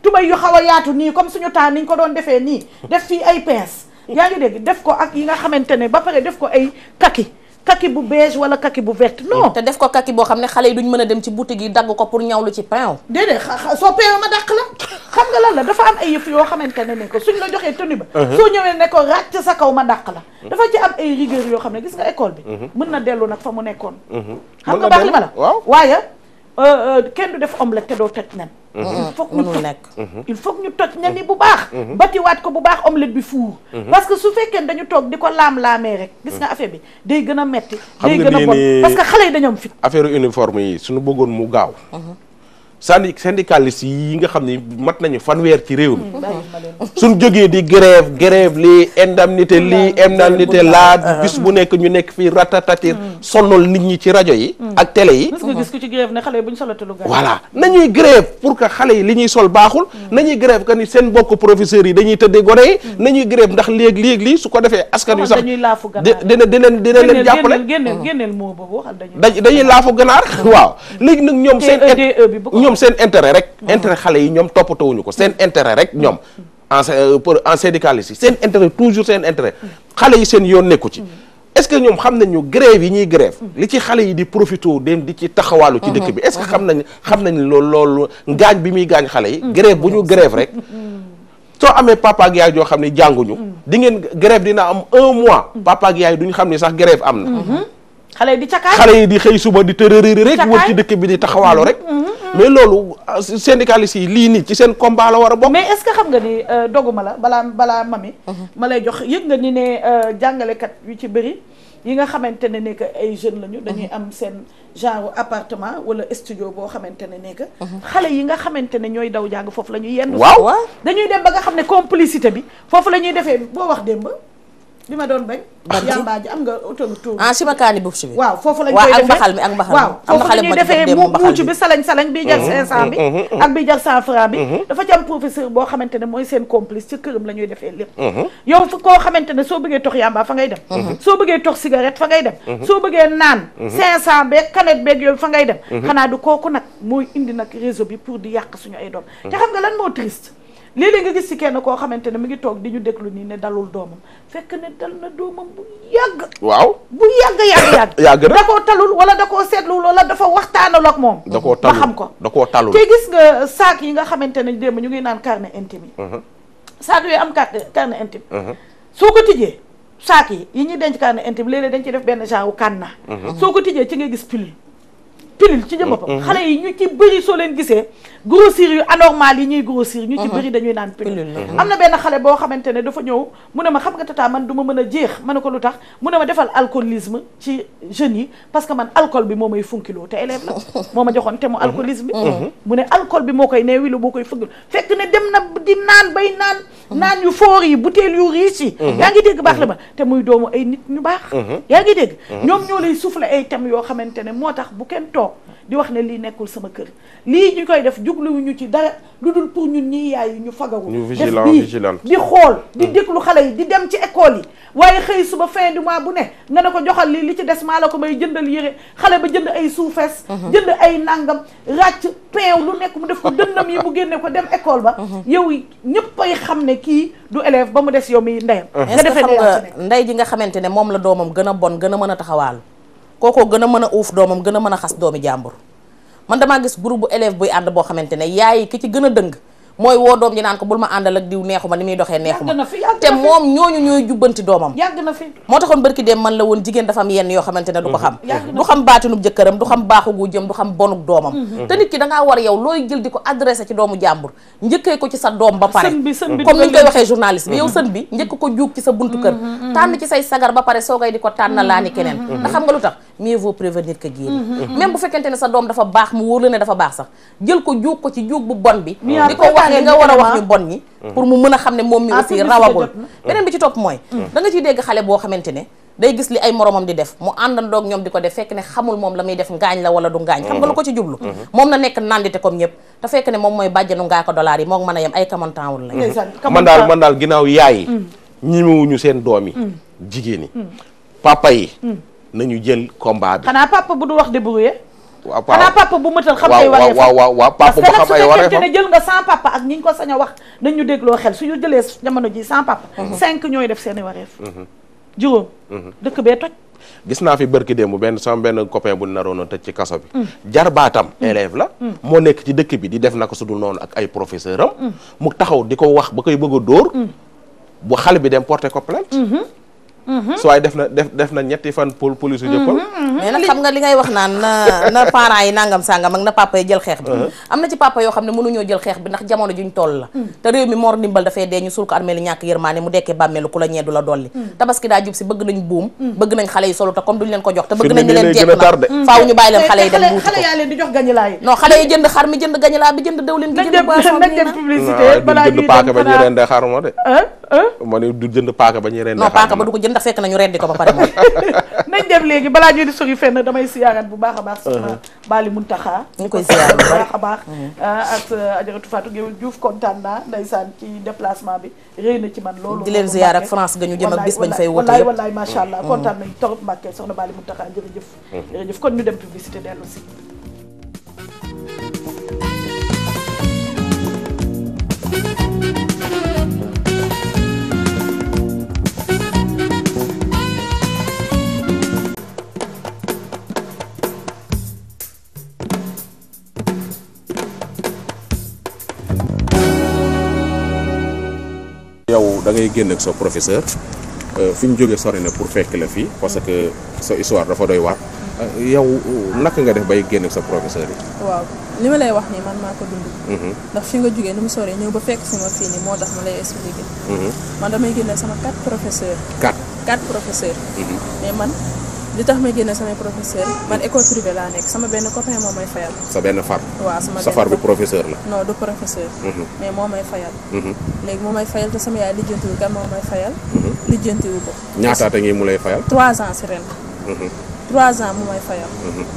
tubay yu xaw a yaatu nii comme suñu temps niñ ko doon defee nii def fii ay pince yaa ngi dégg def ko ak yi nga xamante ne ba pare def ko ay kaki kaki bu beige wala kaki bu verte non. te def ko kaki boo xam ne xale yi duñ mën a dem ci boutique yi dagg ko pour ñawlu ci pain. déedéet soo pain ma dàq la xam nga lan la dafa am ay yëf yoo xamante ne ne ko suñ la joxee tenue ba. Uh-huh. soo ñëwee ne ko ràcc sa kaw ma dàq la. Uh-huh. dafa ci am ay rigueur yoo xam ne gis nga école bi. Uh-huh. mën na dellu nag fa mu nekkoon. xam nga baax li ma la waaye. Euh, euh, kenn du def omelette te doo toj nen. Mhm. il faut mhm. ñu toj il faut yi bu baax. Mhm. batiwaat ko bu baax omelette bi fuur. parce que su fekkee dañu toog di ko laam-laamee rek. gis nga affaire bi day gën a metti day gën a bon parce que xale yi dañoo am fit. affaire uniforme yi suñu bëggoon mu gaaw. sandi syndicaliste yi nga xam ne mat nañu fanweer ci réew mi suñ jógee di grève grève lii indemnité lii indemnité laa bis bu nekk ñu nekk fii ratatatir mm. sonnal nit ñi ci rajo yi mm. ak télé yi gis ku ci grève ne xale yi bu ñu solatu lu voilà nañuy grève pour que xale yi li ñuy sol baaxul na mm. nañuy grève que ni seen bokk professeurs yi dañuy tëddee gone yi nañuy grève ndax léeg-léeg li su ko defee askan yu sax dina dina dina leen jàppale dañuy laafu ganaar waaw léegi nag ñoom e e seen ñoom seen intérêt rek intérêt xale yi ñoom toppatawuñu ko seen intérêt rek ñoom en euh, pour en yi seen intérêt toujours seen intérêt xale yi seen yoon nekku ci est-ce que ñoom xam nañu grève yi ñuy grève li ci xale yi di profité dem di ci taxawaalu ci dëkk bi est-ce que xam nañ xam nañ loolu loolu ngaañ bi muy gaañ xale yi grève bu ñu grève rek soo amee papa ak yaay xam ne jànguñu di ngeen grève dina am mois papa ak yaay duñu xam ne sax grève am na mm-hmm. xale yi di cakaay xale yi di xëy suba di ci dëkk bi di taxawaalu rek mm-hmm. mais loolu ah, syndicalistes yi lii nii ci seen combat la war a bokk. mais est-ce que xam nga ni euh, doguma la balaa balaa mami mhm. ma lay jox yëg nga ni ne euh, jàngalekat yu ci bëri yi nga xamante ne ne que ay jeunes lañu. Mhm. dañuy am seen genre appartement wala studio boo xamante ne ne que. Mhm. xale yi nga xamante ne ñooy daw jàng foofu la ñuy yendu. waaw dañuy dem ba nga xam ne complicité bi foofu la ñuy defee boo wax démb. bi ma doon bañ. ban yàmbaa am nga autoroute. ah si makaani bu si bi. waaw foofu lañ koy defee waaw ak mbaxal mi ak mbaxal mi. am mbaxal mi ma defee mu mucc bi salañ salañ bi mm-hmm, mm-hmm, mm-hmm. ak bi jar 100 bi. dafa ci am boo xamante ne mooy seen complice ci këram la ñuy defee lépp. yow fu koo xamante ne soo bëggee tox yàmbaa fa ngay dem. soo bëggee tox cigarette fa ngay dem. soo bëggee naan. 500 beeg canette beeg fa ngay dem. xanaa du kooku nag mooy indi nag réseau bi pour di yàq suñu ay doom. te xam nga lan moo triste. léeg-léeg nga gis si kenn koo xamante ne mi ngi toog di ñu déglu nii ne dalul doomam fekk ne dal na doomam bu yàgg. waaw bu yàgg yàgg yàgg. *coughs* yàgg na da koo talul wala da koo seetlu wala dafa waxtaanal ak moom. da koo talul ba ko da koo talul. te gis nga saak yi nga xamante ne démb ñu ngi naan carnet intime yi. Uh-huh. saak yooyu am carte carnet intime. Uh-huh. soo ko tijjee saak yi yi ñuy denc carnet intime léeg lee dañ ci def benn genre na uh-huh. soo ko tijjee ci nga gis pilule. pilule ci jëm boppam xale soo leen gisee grossir yu anormal yi ñuy grossir ñu ci uh-huh. bëri dañuy naan pilule am na benn xale boo xamante ne dafa ñëw mu ne ma xam nga tata man du ma mën a jeex ma ne ko lu tax mu ne ma defal alcoolisme ci jeunes yi parce que man alcool bi moo may funkiloo te élève la *laughs* moo ma joxoon te mu uh-huh. alcoolisme bi uh-huh. mu ne alcool bi moo koy neewi lu boo koy fëggul fekk ne dem na di naan bay naan naan yu foor yi butéel yu riis yi yaa ngi dégg baax la ma te muy doomu ay nit ñu baax yaa ngi dégg ñoom ñoo lay souffler ay thèmes yoo xamante ne moo tax bu kenn toog di wax ne nekkul sama kër lii ñu koy def jubluwuñu ci dara lu dul pour ñun ñi yaay yi ñu fagaru def bii di xool di mm. déglu xale yi di dem ci école yi waaye xëy suba fin du mois bu ne nga ne ko joxal lii li ci des maa la ko may jëndal yére xale ba jënd ay suufees mm-hmm. jënd ay nangam ràcc peew lu nekk mu def ko dënnam yi mu génne ko dem école ba mm-hmm. yow ñëpp ay xam ne kii du élève ba mu des yow mi ndeyam mm-hmm. nga defee ne ndey ji nga xamante ne moom la doomam gën a bon gën a mën a taxawaal kookoo gën a mën a uuf doomam gën a mën a xas doomi jàmbur man damaa gis groupe bu élève buy ànd boo xamante ne yaay ki ci gën a dëng mooy woo doom ji naan ko bul ma àndal ak diw neexuma ni muy doxee neexuma te moom ñooñu ñooy jubbanti doomam moo taxoon barki dem man la woon jigéen dafa am yenn yoo xamante ne du ko mhm. xam du xam baatinub jëkkëram du xam baaxugu jëm du xam bonuk doomam mhm. te nit looy di ko adressé ci doomu jàmbur njëkkee ko ci sa doom ba pare comme ni ñu koy waxee journaliste bi mhm. yow sën bi njëkk ko juug ci sa sagar ba pare soogay di ko tànn laa ni keneen ndax xam nga lu tax mieux vaut prévenir que guérir ne sa doom dafa baax mu wóor la ne dafa baax sax jël ko juug ko ci juug bu bon bi di ko wax waxee nga war a wax ñu bon ñi pour mu mën a xam ne moom mi ah, aussi rawagul mm. beneen bi ci topp mooy mm. da nga ciy dégg xale boo xamante day gis li ay moromam di def mu àndandoog ñoom di ko def fekk ne xamul moom la muy def ngaañ mm-hmm. ko ci jublu mm-hmm. moom na nekk nandite comme ñëpp te yi moom mën a yem ay kamantaawul la man daal man daal ginnaaw yaay mm. ñimewuñu seen doom yi jigéen yi papa yi nañu jël combat bi xanaa papa bu du wax débrouiller waaw xanaa papa bu ma xam ay wareef waaw waaw waaw papa xam ay wareef parce que nag su fekkente ne jël nga wax papa ak ñi ñu ko sañ a wax dañu dégloo xel suñu jëlee jamono ji sans papa mhm. cinq ñooy def seen i wareef mhm. juróom mhm. dëkk bee toj gis naa fi bërki démb benn sama benn copain bu naroon a tëj ci kaso bi mm. jarbaatam mm. élève la mm. moo nekk ci dëkk bi di def naka su dul noonu ak ay professeur am mu taxaw di ko wax ba koy bëgg a dóor bu xale bi dem porter ko plainte Mm-hmm. soit def na def def na ñetti fan pour police jëppal mm-hmm, mm-hmm. mais nag xam nga li ngay wax naan na na parents yi nangam sangam ak na papa yi jël xeex bi uh-huh. am na ci papa yoo xam ne mënuñoo jël xeex bi ndax jamono juñ toll la mm. te réew mi mor ndimbal dafay dee ñu sul ko armée li ñàkk yërmaane mu dekkee bàmmeelu ku la ñeedu la dolli mm. tabaski daa jub si bëgg nañ buum mm. bëgg nañ xale yi solo te comme duñ leen ko jox te bëgg nañ leen jekk na faaw ñu bàyyi leen xale yi dem wuutu ko xale yaa leen di jox gañilaa yi non xale yi jënd xar mi jënd gañilaa bi jënd dëwlin bi jënd boisson bi jënd publicité balaa ñuy dem xanaa jënd paaka ba ñuy rendee xar ma de ma ne du jënd paaka ba ñuy rendee xar ma ndax fekk nañu reddi ko ba pare moom *laughs* nañ dem léegi balaa ñuy di fenn damay siyaarat bu baax a baax soxna uh-huh. Bali Muntaxa ñu koy siyaar bu baax a baax uh, ak uh, ajaratu Fatou Géwél Diouf kontaan naa ndeysaan ci déplacement bi réy ci man loolu di leen ak France ga ñu jëm ak bis bañ fay woote yëpp wallaay macha allah mm-hmm. kontaan nañ torop Mbàkke soxna Bali Muntaxa jërëjëf mm-hmm. jërëjëf kon ñu dem publicité dellu si yow da ngay génn ak sa professeur euh, fi ñu jógee sori na pour fekk la fii parce que sa histoire dafa doy waar. Euh, yow naka nga def bay génn ak sa professeur yi. waaw li ma lay wax nii man maa ko dund. Mhm. ndax fi nga jógee ni mu soree ñëw ba fekk sama fii nii moo tax ma lay expliquer. Mhm. man damay génne sama quatre professeurs. quatre quatre professeurs. Mhm. mais man. li tax may génne samay professeur man école privée laa sama benn copain moo may fayal. sa benn far. waaw sama benn far bi professeur la. non du professeur. Mhm. mais moom may fayal. Mhm. léegi moom may fayal te sama yaay lijjantiwu kan moo may mhm. mu lay fayal. trois ans si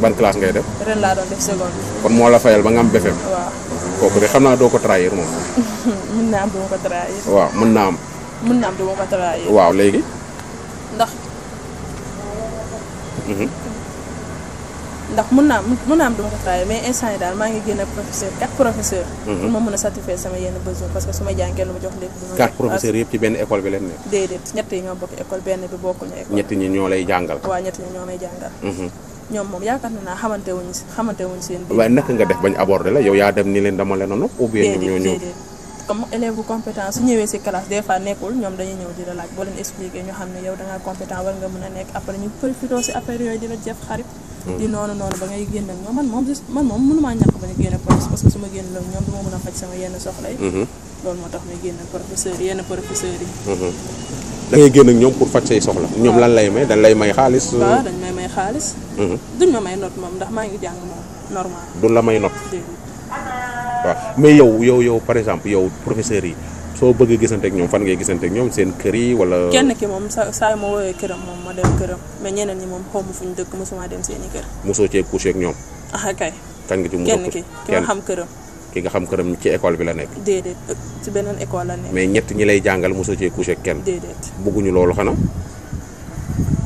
ban classe ngay def. ren laa doon def seconde. kon moo la fayal ba nga am BFEM. waaw kooku de xam naa doo ko trahir moom. *laughs* mën naa am du ko trahir. waaw mën naa waaw léegi. ndax. Mhm. ndax mun naa mun naa am dama ko travailler mais instant yi daal maa ngi génne professeur quatre professeurs. Mhm. pour ma mën a satisfaire sama yenn besoin parce que su ma jànkee lu ma jox lépp. quatre professeurs yëpp ci benn école bi leen ne. déedéet ñett yi ñoo bokk école benn bi bokkuñu école. ñett ñi ñoo lay jàngal. waaw ñett ñi ñoo lay jàngal. Mhm. ñoom moom yaakaar naa xamante wuñ xamante wuñ seen. waaye naka nga def bañ aborder la yow yaa dem ni leen dama leen a nopp. ou bien ñoom ñoo ñëw comme élève bu compétent su ñëwee si classe des fois nekkul ñoom dañuy ñëw di la laaj boo leen expliquer ñu xam ne yow da ngaa compétent war nga mën a nekk après ñu profité si affaire yooyu di la xarit. Mm. di noonu noonu ba ngay génn ñoom man moom man moom mënumaa ñàkk ba ñu génn police parce que ma génn loolu ñoom du ma mën a faj sama yenn soxla yi. Mm-hmm. loolu moo may mm-hmm. génn ak ñoom pour faj say soxla. ñoom lan lay may dañ lay may xaalis. waaw may may xaalis. Mm-hmm. duñ ma may note moom ndax maa ngi jàng moom normal. la may note. waaw mais yow yow yow par exemple yow professeur yi soo bëgg gisante ñoom fan ngay gisante ñoom seen kër yi wala. kenn ki moom saa ma ma dem këram moom ma dem ah, nga xam këram. ki nga xam école bi la nekk. déedéet ci beneen école la nekk. mais ñett ñi lay jàngal mosoo cee couché ak kenn. déedéet bëgguñu loolu xanaa.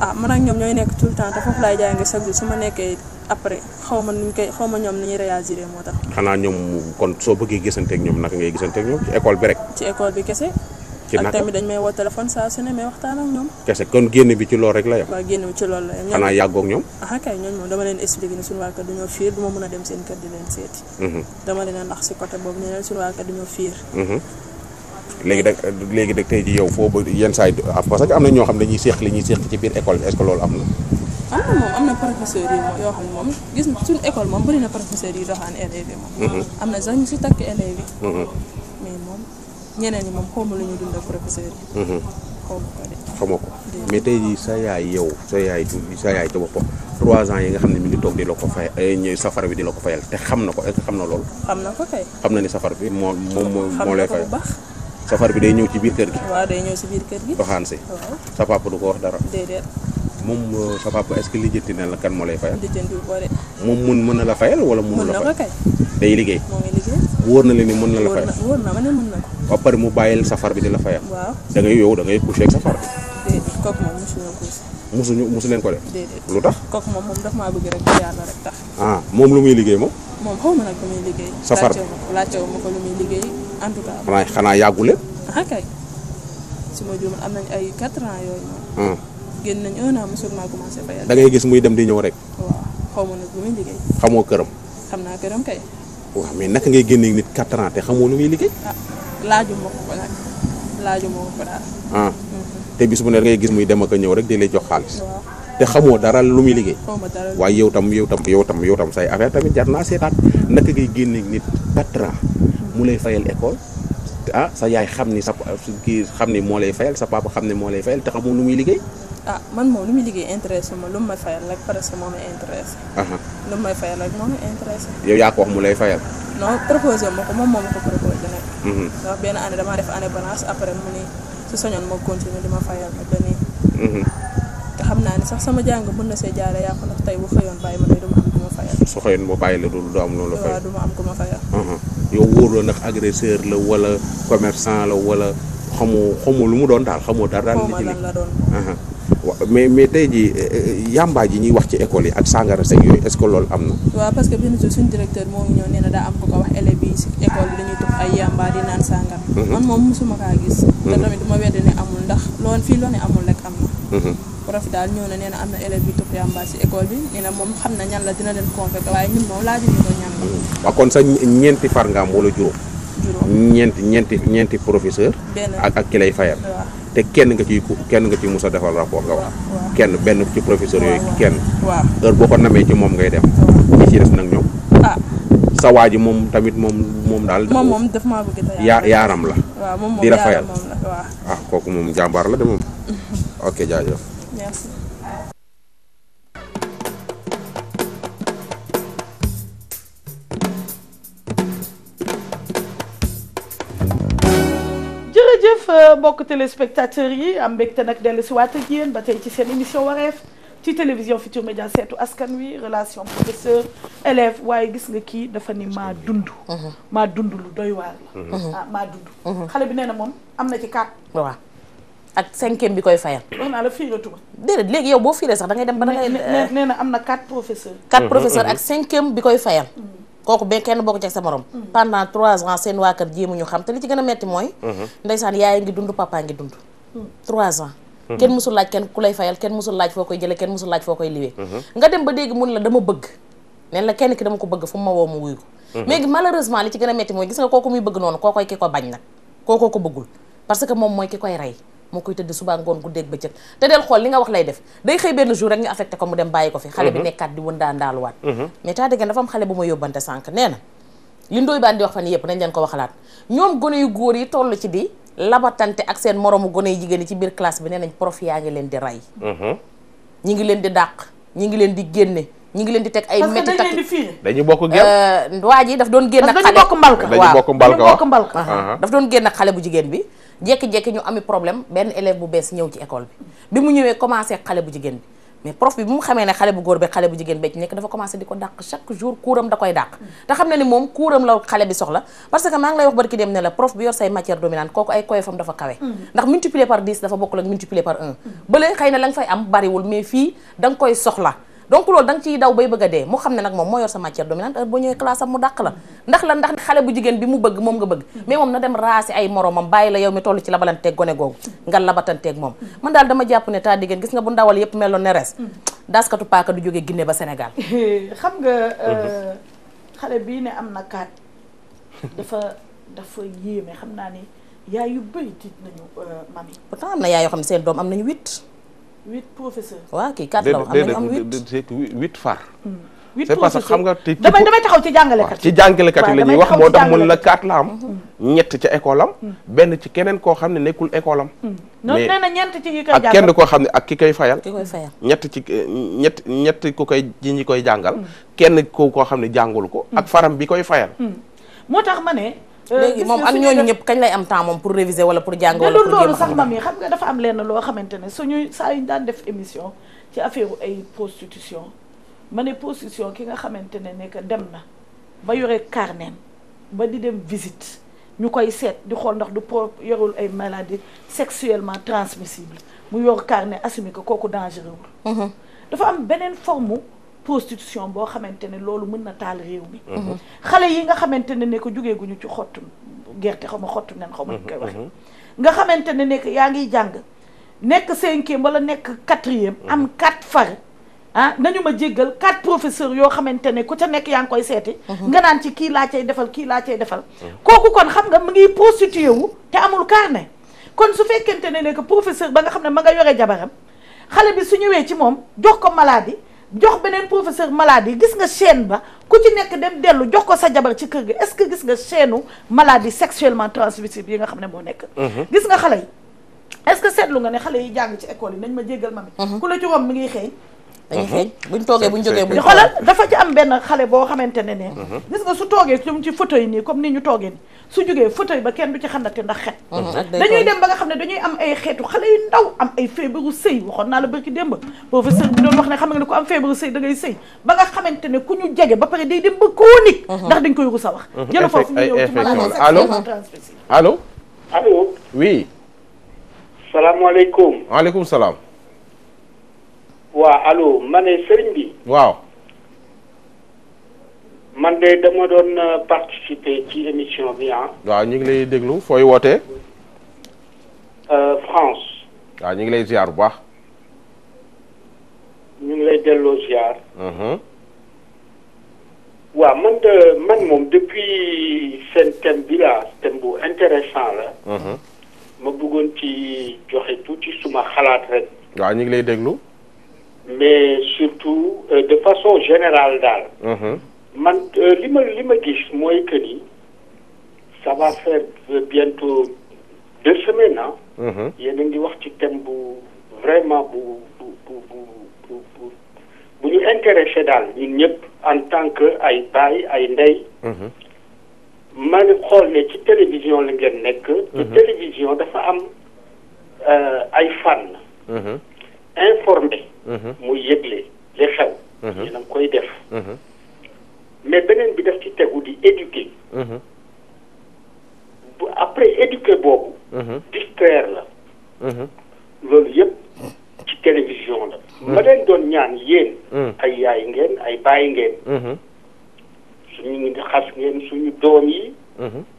ah man ak ñoom ñooy nekk tout temps foofu laay jàngee su ma nekkee après xaw ma nuñ koy xaw ma ñoom nañuy réagir moo tax. xanaa ñoom kon soo bëggee gisanteeg ñoom naka ngay gisanteeg ñoom ci école bi rek. ci école bi kese. ci naka may woo téléphone saa su ne may waxtaan bi ci loolu rek la yem. waaw génn bi ci loolu la yem. xanaa yàggoog ñoom. a dem seen kër di leen seeti. Mhm. a nax si côté boobu ne leen suñu waa kër dañoo fiir. Mhm. léegi nag léegi nag parce que am na ñoo xam ne ñuy seex li ñu seex ci biir école bi est-ce am na am na moom yi yoo xam moom gis na suñu école moom bëri na yi doxaan élèves moom. Mhm. am na sax ñu takk élèves mhm. mais moom ñeneen ñi moom xawma lu ñu dund yi. Mhm. ko de. xawma ko mais tey sa yaay yow sa yaay sa yaay trois ans yi nga xam ne mi ngi toog di la ko fay eh, ñooy bi di ko fayal te xam na ko est xam na lool xam na ko kay. xam na ni safar bi moo moo moo lay fayal. safar bi day ñëw ci biir kër gi. waaw day ñëw ci biir kër gi. doxaan si. sa papa du ko wax dara. moom euh, sa papa est-ce que lijjanti na la kan moo lay fayal. lijjantiwul moom mun mën na la fayal wala. mën na ko kay day liggéey. moo na la ni mën na la. fayal wóor mën na ko. ba pare mu bàyyil safar bi di la fayal. waaw da ngay yow da ngay couché ak safar. déedéet ko def. déedéet ah, moom lu muy liggéey moom. moom xaw ma nag lu liggéey. safar bi laajte wu ma ko lu muy liggéey en tout xanaa xanaa yàggule. Ah, su ma juumee am nañ ay 4 ans yooyu noonu. Ah. génn nañ un an mosul maa gis muy dem di ñëw rek. xaw ma nag lu muy xamoo këram. xam naa mais naka ngay génne nit 4 ans te xamoo lu muy liggéey. ah laaju ma ko ah. mm-hmm. te bis ne ngay gis muy dem ak ñëw rek di lay jox xaalis. te xamoo dara lu muy liggéey. xaw ma dara waaye yow tam yow tam yow tam yow tam say affaire tamit jar naa seetaat naka ngay génne nit 4 ans mu lay fayal école. ah sa yaay xam ni sa kii xam ni moo lay fayal sa papa xam ne moo lay fayal te xamoo lu muy liggéey. ah man moom lu muy liggéey intéressé ma lu mu may fayal rek presque moo may intéressé. lu mu may fayal rek moo may intéressé. yow yaa ko wax mu lay fayal. non proposé moo ko proposé mhm. mhm. xam naa ne sax sama jàng mën na see jaaree yàqu ndax tey bu xëyoon bàyyi ma la du du am am ku ma fayal. Mhm. yow wóor la ndax agresseur la wala commercant la wala xamu xamoo lu mu doon daal xamoo dara. daal li ci la doon. mais mais tey jii euh, euh, yàmbaa ji ñuy wax ci école yi ak sàngara seg yooyu est-ce loolu am na. waaw parce que benn jour suñu directeur moo ngi ñëw nee daa am ko ko wax élèves yi si école bi dañuy mm-hmm. gis. te mm-hmm. tamit ne mm-hmm. école bi nee moom xam na ñan la dina leen convoquer waaye ñun moom laajuñu kon sa ñeenti far nga am wala juróom. ñeenti ñeenti professeur. ak ak ki lay fayal. te kenn nga ciy kenn nga ciy mus a defal rapport nga wax kenn benn ci professeur yooyu kenn heure boo ko namee ci moom ngay dem ñi ci des nag ñoom ah. sa waa ji moom tamit moom moom daal moom daf maa bëgg yaaram la di rafayal waaw ah, kooku moom jàmbaar la de moom *laughs* ok jaajëf mbokk téléspectateurs yi am mbégte nag dellu si waat ak yéen ba tey ci seen émission wareef ci télévision Futurs média seetu askan wi relation professeur élève waaye gis nga kii dafa ni maa dund mhm. maa dund lu doy waar la mhm. ah maa dund mhm. xale bi nee na moom am na ci quatre waaw ak cinquième bi koy fayal wax naa la fiiratuma déedéet boo fiiree sax da ngay dem ba da nee na am na quatre professeur quatre professeur ak cinquième bi koy fayal mm. kooku ba kenn bokk ci sa morom mm. pendant trois ans seen waa kër jéemuñu xam te li ci gën a metti mooy mm-hmm. ndeysaan yaay ngi dund papa ngi dund mm. trois ans mm-hmm. kenn musul laaj kenn ku lay fayal kenn musul laaj foo koy jële kenn musul laaj foo koy liwee mm-hmm. nga dem ba dégg mun la dama bëgg neen la kenn ki dama ko bëgg fu ma woo mu wuyu mais malheureusement li ci gën a metti mooy gis nga kooku muy bëgg noonu koo koy ki ko bañ nag kookoo ko bëggul que moom mooy ki koy rey moo koy tëdd suba ngoon guddeeg bëccëg te del xool li nga wax lay def day xëy benn jour rek ñu affecté ko mu dem bàyyi ko fi xale bi mhm. nekkaat di wëndaa ndaaluwaat mhm. mais taa dëgg dafa di wax fan yëpp nañ leen ko waxalaat ñoom gone yu góor yi toll ci di labatante ak seen moromu gone yu jigéen yi ci biir classe bi nee nañ prof yaa ngi leen di rey mhm. ñi ngi leen di dàq ñi ngi leen di génne ñi ngi leen di teg ay métti tak dañu bokk gel euh, waa yi daf doon génn ak xale bokk mbalka waaw dañu bokk uh-huh. Uh-huh. daf doon génn ak xale bu jigéen bi jékki-jékki ñu ami problème benn élève bu bees ñëw ci école bi bi mu ñëwee commencé xale bu jigéen bi mais prof bi bu mu xamee ne xale bu góor bi xale bu jigéen bi ci nekk dafa commencé di ko dàq chaque jour kuuram da koy dàq te xam na ni moom kuuram la xale bi soxla parce que maa ngi lay wax barki dem ne la prof bi yor say matière dominante kooku ay koyofam dafa kawe mm. ndax multiplier par 10 dafa bokkul par 1 bële xëy na la nga fay am bariwul mais fii da nga koy soxla donc loolu da nga daw bay bëgg a dee mu xam ne nag moom moo yor sa matière dominante heure boo ñëwee classe am mu dàq la ndax la ndax xale bu jigéen bi mu bëgg moom nga bëgg mais moom na dem raasi ay moromam bàyyi la yow mi toll ci labalanteeg gone googu nga labatanteeg moom man daal dama jàpp ne taa diggéen gis nga bu ndawal yépp meloon ne res daskatu paaka du jógee Guinée ba Sénégal *laughs* xam nga euh, mhm. xale bii ne am na kaat dafa dafa yéeme xam naa ne yaay yu bëri tiit nañu euh, mami na yaay yoo xam ne seen doom am nañu huit huit professeurs. waaw kii quatre la am hmm. xam nga te damay ci jàngalekat yi ci jàngalekat yi la ñuy wax moo tax mun la quatre la am. Hmm. ñett ca école am. Hmm. benn ci keneen koo xam ne nekkul école am. noonu nee ki ak kenn koo xam ne ak ki koy fayal. ki koy fayal ñett ci eh, ñett ñett ku koy ji ñi koy jàngal. kenn koo koo xam ne jàngul ko. ak faram bi koy fayal. moo tax ma ne. Euh, léegi moom ak ñooñu ñëpp kañ lay am temps moom pour réviser wala pour jàng wala pour loolu sax mam yi xam nga dafa am lenn loo xamante ne suñuy saa yuñ daan def émission ci affaire ay prostitution ma ne prostitution ki nga xamante ne ne que dem na ba yore carnet ba di dem visite ñu koy seet di xool ndax du pro yorul ay maladies sexuellement transmissibles mu yor carnet assumé ko kooku dangereux mhm. dafa am beneen forme constitution boo xamante ne loolu mën na taal réew mi mhm. Mhm. xale yi nga xamante ne ne ko jugee guñu ci xottu gerte xaw ma xottu nen xaw ma koy mhm. waxee nga xamante ne nekk yaa ngiy jàng nekk cinquième wala nekk quatrième am quatre far ah nañu ma jéggal quatre professeurs yoo xamante ne ku ca nekk yaa ngi koy seeti nga naan ci kii laa cay defal kii laa cay defal kooku kon xam nga mu ngi prostitué wu te amul ne kon su fekkente ne ne que professeur ba nga xam ne ma nga yore jabaram xale bi su ñëwee ci moom jox ko jox beneen professeur maladie gis nga chaîne ba ku ci nekk dem dellu jox ko sa jabar ci kër gi est-ce que gis nga chaîne u maladie sexuellement transmissible yi nga xam ne moo nekk mhm. gis nga xale yi est-ce que seetlu nga ne xale yi jàng ci école yi nañ ma jéggal ma mi mhm. ku la ci romb mi ngi xeeñ dañuy xeeñ buñ toogee buñ jógee buñ xoolal dafa ci am benn xale boo xamante ne ne mhm. gis nga su toogee su ci photo yi nii comme ni ñu toogee nii su jógee fauteuil ba kenn du ci xam xamante ndax xet mm-hmm. dañuy dem ba nga xam ne dañuy am ay xeetu xale yu ndaw am ay feebaru sëy waxoon naa la bërki démb professeur bi doon wax ne xam nga ne ku am feebaru sëy da ngay sëy ba nga xamante ne ku ñu jege ba pare day dem ba chronique mm-hmm. ndax dañ koy rus a wax mm-hmm. jëla foofu ñu ñëw ci maladie allo allo allo oui salaamaaleykum waaleykum salaam waaw allo ma ne sëriñ bi waaw man de dama doon euh, participer ci émission bi ah. waaw ñu ngi lay déglu fooy wootee. Euh, France. waaw ñu ngi lay ziar bu baax. ñu ngi lay delloo ziar. Mhm. waaw man de man moom depuis seen bi la thème bu intéressant la. Mhm. ma bëggoon ci joxe tuuti suma xalaat rek. waaw ñu ngi lay déglu. mais surtout euh, de façon générale daal. Mhm. man euh, li ma li ma gis mooy que ni ça va faire bientôt deux semaines ah. yéen a ngi wax ci thème bu vraiment bu bu bu bu bu bu ñu intéressé daal ñun ñëpp en tant que ay baay ay ndey. Mm-hmm. man xool ne ci télévision la ngeen nekk. Mm-hmm. te télévision dafa am euh, ay fànn. informé. muy yëgle li xew. yéen a koy def. mais beneen bi def ci tegu di éduquer. Mhm. bu après éduquer boobu. Mhm. distraire la. Mhm. loolu yëpp ci télévision la. ma doon ñaan yéen. ay yaay ngeen ay baay ngeen. suñu ngi xas ngeen suñu doom yi.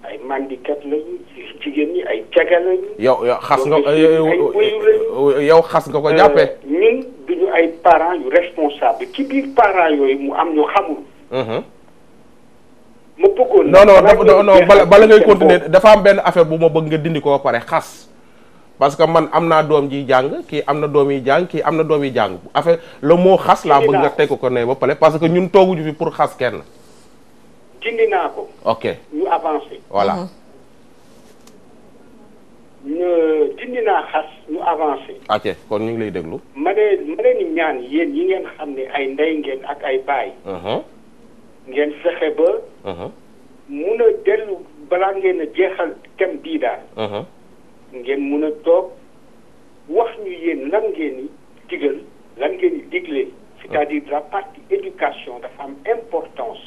ay mandikat lañu jigéen ñi ay caga lañu. yow yow xas nga yow xas nga ko jàppee. Euh, ñun duñu ay parents yu responsable ci biir parents yooyu am ñu xamul. Uh-huh. ma bëggoon non non non bala bala ngay continuer dafa am benn affaire bu ma bëgg nga dindi ko pare xas parce que man am naa doom ji jàng kii am na doom yi jàng kii am na doom yi jàng affaire le mot xas laa bëgg nga teg ko ne ba pare parce que ñun tooguñu fi pour xas kenn dindi naa ko ok ñu avancé voilà uh-huh. ñu dindi naa xas ñu avancé ok kon ñu ngi lay déglu ma ne ma ñaan yéen yi ngeen xam ne ay ndey ngeen ak ay baay uh-huh. ngeen fexe ba. Uh-huh. mun a dellu balaa ngeen a jeexal thème bii daal. Uh-huh. ngeen mun a toog wax ñu yéen lan ngeen di digal lan ngeen uh-huh. c'est-à-dire la partie éducation dafa am importance.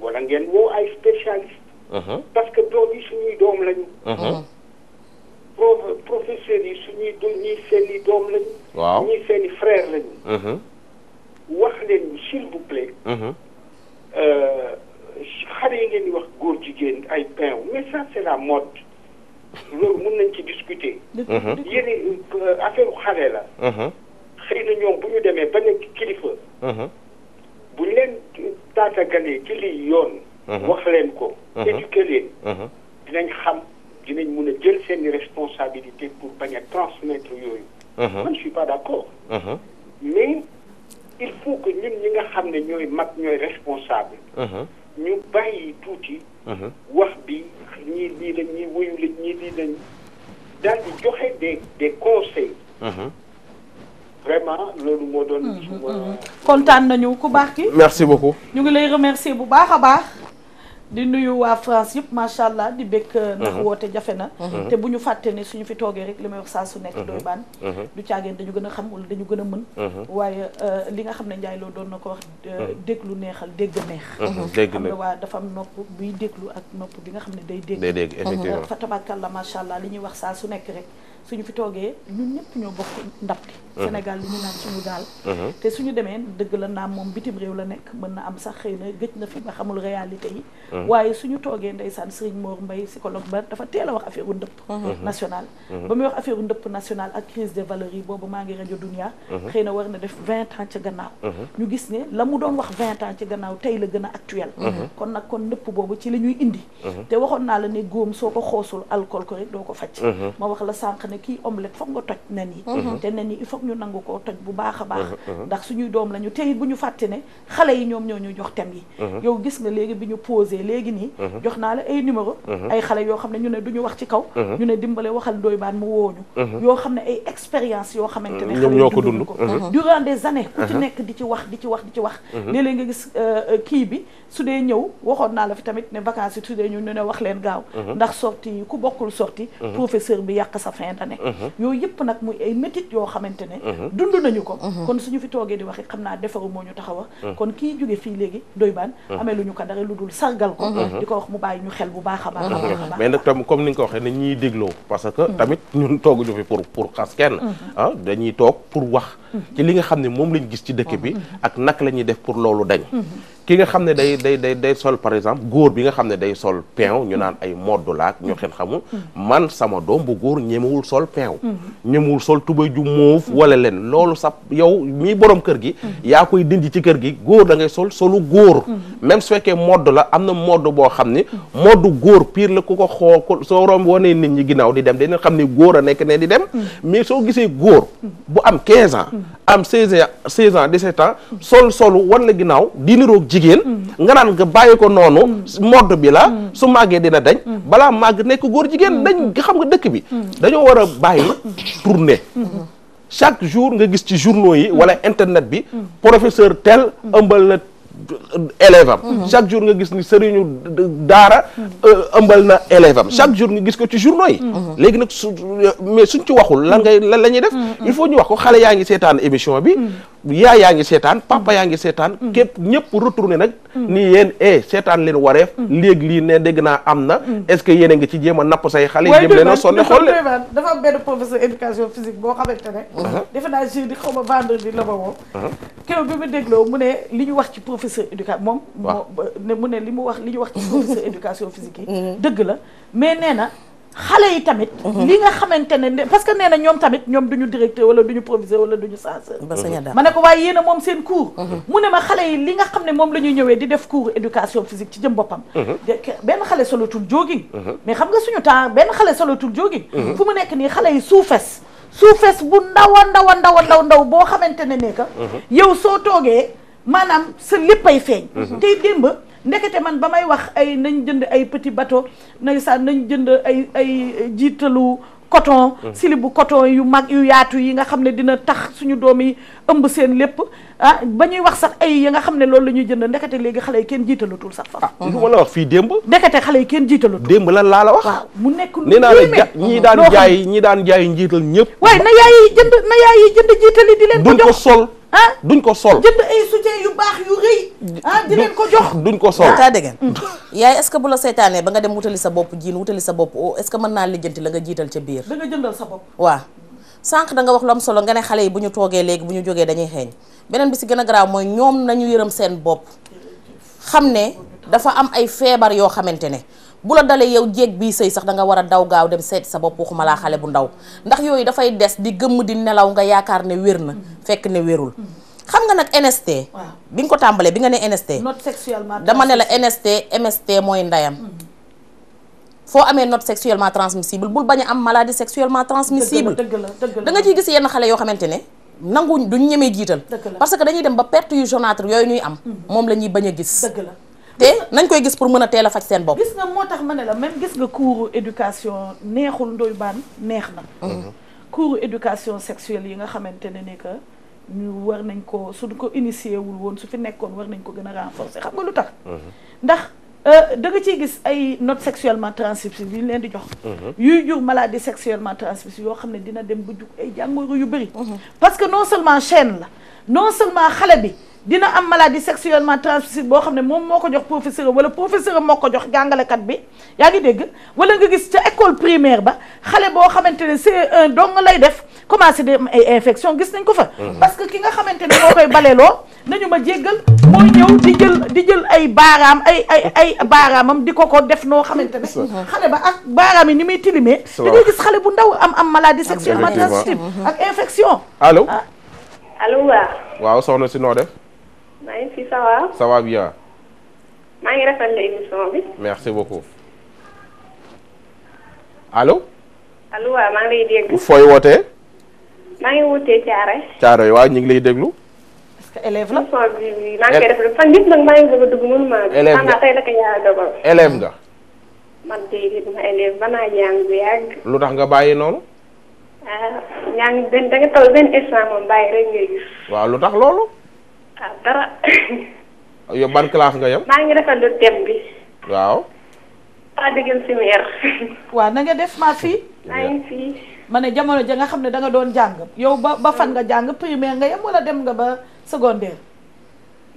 wala ngeen woo ay spécialiste parce que doom yi doom lañu. pro professeurs yi doom ñii seen i doom lañu. wax leen s'il vous plaît. Euh, xale yi ngeen wax góor jigéen ay pain mais ça c'est la mode loolu mën nañ ci discuter. Mhm. yéen euh, affaire xale la. Mhm. xëy na ñoom bu ñu demee ba nekk kilifa. Mhm. bu ñu leen taatagalee ci lii yoon. wax leen ko. éduquer leen. dinañ xam dinañ mun a jël seen responsabilité pour bañ a transmettre yooyu. man je suis pas d'accord. mais il faut que ñun ñi nga xam ne ñooy mag ñooy responsable. Uh-huh. ñu bàyyi tuuti. Uh-huh. wax bi ñii lii lañ ñii wuyu lañ ñii lii lañ daal di joxe des des conseils. Uh-huh. vraiment loolu moo doon. Mm-hmm, mm-hmm. kontaan nañu ku baax ki merci beaucoup. ñu ngi lay remercier bu baax a baax. di nuyu waa France yëpp macha allah di bëgg euh, ndax mhm. woote jafe na mhm. te bu ñu fàttee ne suñu fi toogee rek li may wax saa su nekk mhm. doy baan du caageen dañu gën a xam wala dañu gën a mën waaye euh, li nga xam ne Ndiaye loo doon na ko wax euh, déglu neexal dégg neex dégg waa dafa am nopp buy déglu ak nopp bi nga xam ne day dégg day dégg effectivement fa tabaarkalla macha allah li ñuy wax saa su nekk rek suñu fi toogee ñun ñëpp ñoo bokk ndab li Sénégal li ñu naan suñu gaal uh-huh. te suñu demee dëgg la naam moom bitim réew la nekk mën na am sax xëy na gëj na fi nga xamul réalité yi uh-huh. waaye suñu toogee ndeysaan Serigne Mor Mbaye psychologue ba dafa teel a wax affaire u ndëpp uh-huh. national ba muy wax affaire u ndëpp national ak crise des valeurs yi boobu maa ngi rajo Dunia xëy na war na def vingt ans ca gannaaw ñu gis ne la mu doon wax vingt ans ci gannaaw tey la gën a actuel kon nag kon nëpp boobu ci li ñuy indi te naa la ne góom soo ko xoosul alcool ko rek doo la sànq ne kii omelette foog ñu nangu koo toj bu baax a baax uh-huh, uh-huh. ndax suñuy doom lañu te it bu ñu fàtte ne xale yi ñoom ñoo ñu jox thème yi uh-huh. yow gis nga léegi bi ñu posé léegi nii jox naa la ay numéro ay xale yoo xam ne ñu ne du ñu wax ci kaw ñu ne dimbale waxal Ndoye Bane mu wooñu yoo xam ne ay expérience yoo xamante ne xale ko dund ko durant des années ku ci nekk di ci wax di ci wax di ci wax léeg euh, euh, bi su dee waxoon naa la fi tamit ne su dee ñu ne wax leen gaaw ndax sorti yi ku bokkul sorti professeur bi yàq sa fin d'année yooyu yëpp nag muy ay métit yoo xamante ne ne mhm. dund nañu ko mhm. kon suñu fi toogee di waxe xam naa defaru ñu taxaw a mhm. kon kii jóge fii léegi doy baan amee lu ñu ko lu dul sargal ko di ko wax mu bàyyi ñu xel bu baax a baax mais nag tam comme ni nga ko waxee nañ ñuy dégloo parce que tamit ñun tooguñu fi pour pour xas kenn ah ci li nga xam ne moom lañ gis ci dëkk bi mhm. ak nak lañuy def pour loolu dañ ki nga xam ne day day day day sol par exemple góor bi nga xam ne day sol peew ñu naan ay moddu laak ñu xen xamul mhm. man sama doom bu góor ñemewul sol peew mhm. ñemewul sol tubay ju moof wala leen loolu sa yow mii borom kër gi yaa koy dindi ci kër gi góor da ngay sol solu góor même su fekkee modd la am na modd boo xam ni moddu góor piir la ku ko xoo soo romb wanee nit ñi ginnaaw di dem dañu xam ne góor a nekk ne di dem mais soo gisee góor bu am 15 ans am 16 ans 16 ans 17 ans sol solu wan la ginnaaw di niroog jigéen nga naan nga bàyyi ko noonu modd bi la su màggee dina dañ balaa màgg nekk góor jigéen dañ nga xam nga dëkk bi dañoo war a bàyyi tournée chaque jour nga gis ci journaux yi wala internet bi professeur tel ëmbal na élève am chaque jour nga gis ni sëriñu daara euh, ëmbal na élève am chaque jour nga gis ko ci journaux yi léegi nag su mais suñ ci waxul lan ngay lan la ñuy def il faut ñu wax ko xale yaa ngi seetaan émission bi yaay yaa ngi seetaan papa yaa ngi seetaan képp ñëpp retourné nag ni yéen eh seetaan leen wareef léeg lii ne dégg naa am na est-ce que yéen a ngi ci jéem a napp say xale jéem leen a sonne xool leen dafa benn professeur éducation physique boo xamante ne defe naa xaw ma vendredi la ma professeur éducation moom. moo mu ne li mu wax li ñu wax ci *laughs* professeur éducation physique mm-hmm. tamit. Mm-hmm. li nga xamante ne parce que nee na ñoom tamit ñoom du ñu directeur wala du ñu proviseur wala du ñu censeur. ma ne ko waaye yéen a moom seen cours. Mm-hmm. nga xam ne moom la ñuy ñëwee di def cours éducation physique ci jëm boppam. benn xale solotul jogging. mais xam nga suñu temps benn xale solotul jogging. fu mu nekk nii xale yi suufes. suufes bu ndaw a ndawa a ndaw a ndaw boo xamante ne ne yow soo toogee. maanaam sa léppay feeñ mhm. tey démb ndekete man ba may wax ay nañ jënd ay petit bateau ndeysaan nañ jënd ay ay jiitalu coton mhm. silibu coton yu mag yu yaatu yi nga xam ne dina tax suñu doom yi ëmb seen lépp ah ba ñuy wax sax ay yi nga xam ne loolu la ñuy jënd ndekete léegi xale yi kenn jiitalatul sax faf ah, li ma la wax fii démb ndekete xale yi kenn jiitalatul démb lan laa la wax waaw mu nekk lu nee naa la ñii daan jaay ñii daan jaay njiital ñëpp waaye na yaay yi jënd na yaay yi jënd jiitali di leen duñ ko sol. jënd ay soutien duñ ko sol. taa dégg mm. yaay est-ce que bu la seytaanee ba nga dem wutali sa bopp jiin wutali sa bopp oh, est-ce que mën naa lijjanti la nga jiital ca biir. da nga jëndal sa bopp. waaw sànq danga nga wax lu am solo nga ne xale yi bu ñu toogee léegi bu ñu jógee dañuy xeeñ beneen bi si gën a garaaw mooy ñoom nañu yërëm seen bopp xam ne dafa am ay feebar yoo xamante ne bu la dalee yow jéeg bii sëy sax da nga war a daw gaaw dem seeti sa bopp waxuma laa xale bu ndaw ndax yooyu dafay des di gëmm di nelaw nga yaakaar ne wér na fekk ne wérul xam nga nag NST bi nga ko tàmbalee bi nga ne NST note sexuellement dama ne la NST MST mooy ndeyam mm-hmm. foo amee note sexuellement transmissible bul bañ a am maladie sexuellement transmissible da nga ciy gis yenn xale yoo xamante ne nanguñ duñ ñemee jiital parce que dañuy dem ba perte yu jaunâtre yooyu ñuy am mm-hmm. moom la ñuy bañ a gis dëgg la te nañ koy gis pour mën a teel a faj seen bopp. gis nga moo tax ma ne la même gis nga cours éducation neexul ndoy baan neex na. Mhm. cours éducation sexuelle yi nga xamante ne ni que ñu war nañ ko su suñ ko initié wul woon su fi nekkoon war nañ ko gën a renforcer xam nga lu tax. Mhm. ndax euh, da nga ciy gis ay notes sexuellement transmissibles yi ñu leen di jox. Mhm. yuy jur maladie sexuellement transmissible yoo xam ne dina dem ba jug ay jàngoro yu bëri. parce que non seulement chaîne la non seulement xale bi. dina am maladie sexuellement transmissible boo xam ne moom moo ko jox professeur wala professeur moo ko jox jàngalekat bi yaa ngi dégg wala nga gis ca école primaire ba xale boo xamante ne CE1 dong lay def commencé de ay infection gis nañ ko fa mm-hmm. parce que ki nga xamante ne moo koy baleeloo nañu ma jéggal mooy ñëw di jël di jël ay baaraam ay ay ay baaraamam di ko ko def noo xamante ne xale ba ak baaraam yi ni muy tilimee da ngay gis xale bu ndaw am am maladie sexuellement transmissible ak infection allo ah. allo waaw maa ngi fi ça maa ngi rafetlu émission bi. merci beaucoup. allo. allo waaw maa ngi lay dégg. fooy wootee. maa ngi wootee Thiaroye. Thiaroye waaw ñu ngi lay déglu. est que élève la. émission bi maa ngi koy rafetlu fan yëpp nag maa ngi a dugg mënuma. élève nga élève nga. élève ba naa jàng bu lu tax nga bàyyi noonu. ah waaw lu tax loolu. ah dara. *coughs* yow ban classe nga yem. maa ngi rafetlu thème bi. waaw. waa diggante si meer. waaw nga def ma fi ma ne jamono ja nga xam ne danga doon jàng yow ba ba fan nga jàng primaire nga yem wala dem nga ba secondaire.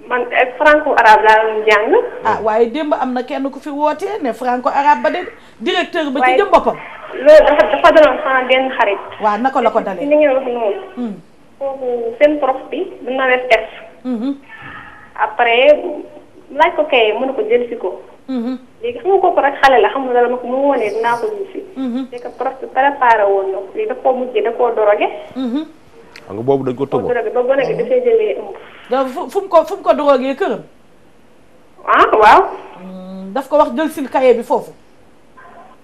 man eh, franco arabe laa doon jàng. ah waaye démb am na kenn ku fi wootee ne franco arabe ba de directeur ba ci jëm boppam. loolu dafa dafa doon sama la ko dalee. ni ngeen wax noonu. Hmm. kooku seen prof bi dina def test. Mm-hmm. après laaj ko kay mën ko jël si ko. Mm-hmm. léegi xam nga kooku rek xale la xam nga dara ma ko mu wóonee dinaa ko jël si. c'est mm-hmm. que prof bi da ko tëboon dorogé ba gone gi dafay jëlee ëmb. mu ko fu mu ko dorogee këram. ah waaw. Mm, daf ko wax jël si kaye bi foofu.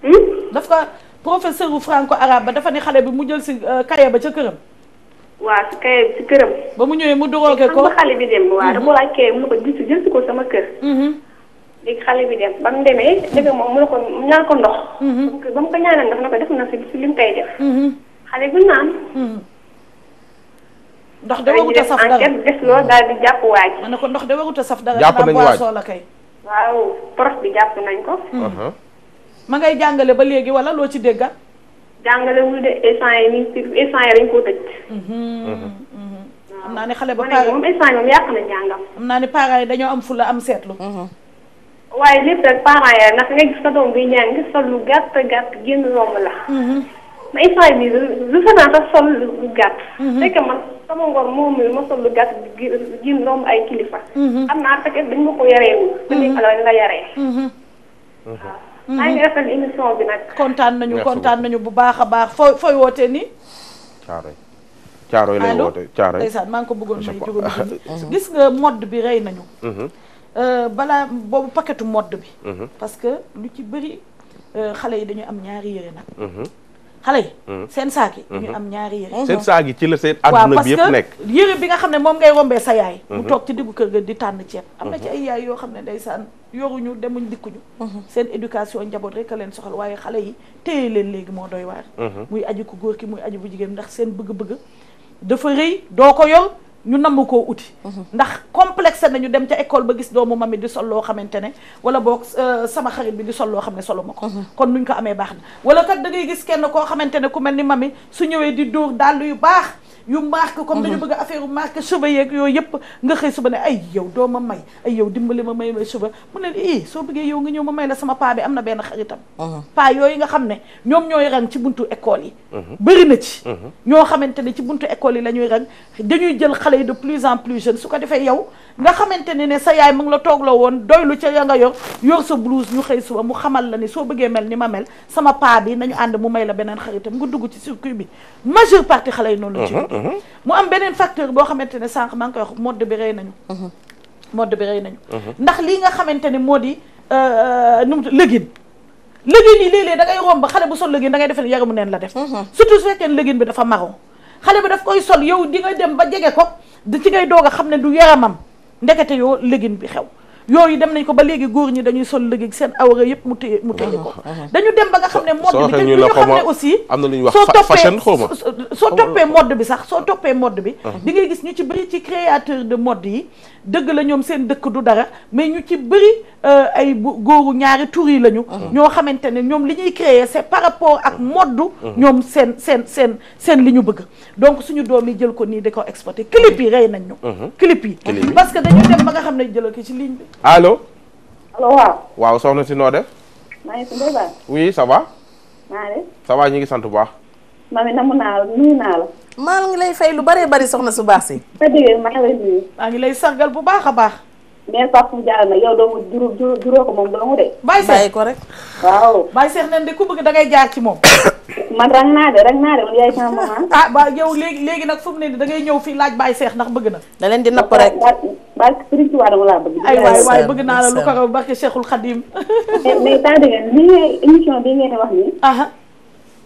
Hmm? daf ko professeur bu franco arabe ba dafa ne xale bi mu jël si kaye euh, ba ca këram. waaw si kay si këram. ba mu ñëwee mu dogooge ko xale bi dem ko mm-hmm. mu ne ko ko sama kër. Mm-hmm. léegi xale bi dem ba mu demee dëgg moom mu ne ko ñaan ko ndox. Mm-hmm. ba mu ko na ko def na si si lim koy def. xale bu naan. ndox de wagut a saf dara enquête jàpp waaj. ma ne ko ndox de wagut a saf dara. jàpp nañ kay. waaw prof bi jàpp nañ ko. Uh-huh. ma ngay jàngale ba léegi wala loo ci dégga jàngalewul de instant yi nii instant yi dañu koo tëj. xam mm-hmm. mm-hmm. mm-hmm. naa ne xale ba pare moom instant moom yàq na jàngam. xam naa ne parents yi dañoo am fula am seetlu. waaye lépp rek parents yi nag nga gis sa doom bi jàng sol lu gàtt gàtt génn romb la. ma instant bii lu fa naa sax sol lu gàtt. fekk man sama ngor moom mi ma sol lu gàtt génn romb ay kilifa. am naa fekk dañ ma ko yaree wu. dañ ma ko yaree. maa mhm. émission kontaan nañu kontaan nañu bu baax a baax foo fooy fooy wootee nii. caaroy caaroy lay woote caaroy ndeysaan maa ngi ko bëggoon may jugu *laughs* mhm. gis nga modd bi rey nañu. Mhm. Euh, balaa boobu paketu modd bi. parce que lu ci bëri euh, xale yi dañuy am ñaari yére nag. xale yi hmm. seen saak yi hmm. ñu am ñaari yére seen saak yi ci la seen àdduna bi yëpp nekk waaw parce que yére bi nga xam ne moom ngay rombee sa yaay mu hmm. toog ci diggu kër ga di tànn ceeb am na ci ay yaay yoo xam ne ndeysaan yoruñu demuñ dikkuñu seen éducation njaboot rek a leen soxal waaye xale yi téye leen léegi moo doy waar muy aju ko góor ki muy aju bu jigéen ndax seen bëgg-bëgg dafa rëy doo ko yor ñu nangu koo uti ndax complexe nañu dem ca école ba gis doomu mami di sol loo xamante ne wala boo euh, sama xarit bi di sol loo xam ne solo ma ko mhm. kon lu nuñ ko amee baax na wala kat da ngay gis kenn koo xamante ne ku mel ni mami su ñëwee di dóor dàll yu baax yu marque comme dañu mhm. bëgg affaire marque cheveux yeeg yooyu yëpp nga xëy suba ne ay yow doo ma may ay yow dimbali ma may ma cheveux mu ne ii soo bëggee yow nga ñëw ma may la sama paa bi am na benn xaritam mhm. paa yooyu nga xam ne ñoom ñooy rang ci buntu école yi mhm. bëri na ci ñoo xamante ne ci buntu école yi la ñuy rang dañuy jël xale yi de plus en plus jeune su ko defee yow nga xamante ne ne sa yaay mu ngi la toogloo woon doylu ca ya nga yor yor sa blouse ñu xëy suba mu xamal la ni soo bëggee mel ni ma mel sama paa bi nañu ànd mu may la beneen xaritam nga dugg ci circuit bi majeure partie xale yi noonu mu am beneen facteur boo xamante ne sànq maa ngi koy wax mode bi rey nañu mode bi rey nañu ndax lii xamante ne moo di num lëgin lëgin yi léeg-léeg da ngay xale bu sol lëgin da ngay defee yaramu neen la def surtout su fekkee lëgin bi dafa marron xale bi daf koy sol yow di nga dem ba jege ko di ci ngay doog xam ne du yaramam ndekete yoo légin bi xew yooyu dem nañ ko ba léegi góor ñi dañuy sol léegi seen awra yëpp mu téye mu téye ko uh-huh, uh-huh. dañu dem ba nga xam ne mode bi ñu xam ne aussi am na lu ñu wax fashion xaw ma soo toppee mode bi sax soo toppee mode bi uh-huh. di ngay gis ñu ci bëri ci créateur de mode yi dëgg la ñoom seen dëkk du dara mais ñu ci bëri Euh, ay góoru ñaari tur yi lañu. Uh-huh. ñoo xamante ne ñoom li ñuy créer c'est par rapport ak uh-huh. moddu. Uh-huh. ñoom seen seen seen seen li ñu bëgg. donc suñu doom yi jël ko nii di ko exporté clip yi rey nañ ñu. clip yi parce que dañu dem ba nga xam ne jëlal ko ci ligne bi. allo. waaw. waaw soxna si noo def. maa ngi si oui ça ñu ngi sant bu baax. mami namu naa la nuyu naa la. maa ngi lay fay lu bëree bëri soxna su baax si. maa ngi lay sargal bu baax a baax. mais Fatou Diallo nag yow doomu juróom juróom ko moom doomu de. bàyyi ko rek waaw. bàyyi seex nen de ku bëgg dangay jaar ci moom. *coughs* man rang naa de rang naa de man yaay sama maman. *coughs* ah ba yow léegi léegi nag fu mu ne nii dangay ñëw fii laaj seex ndax bëgg na. da leen di napp rek. bàyyi Serigne Touba dama naa la lu ko raw barke Cheikhul Khadim. *coughs* mais mais bi ngeen wax nii. Ah, ah.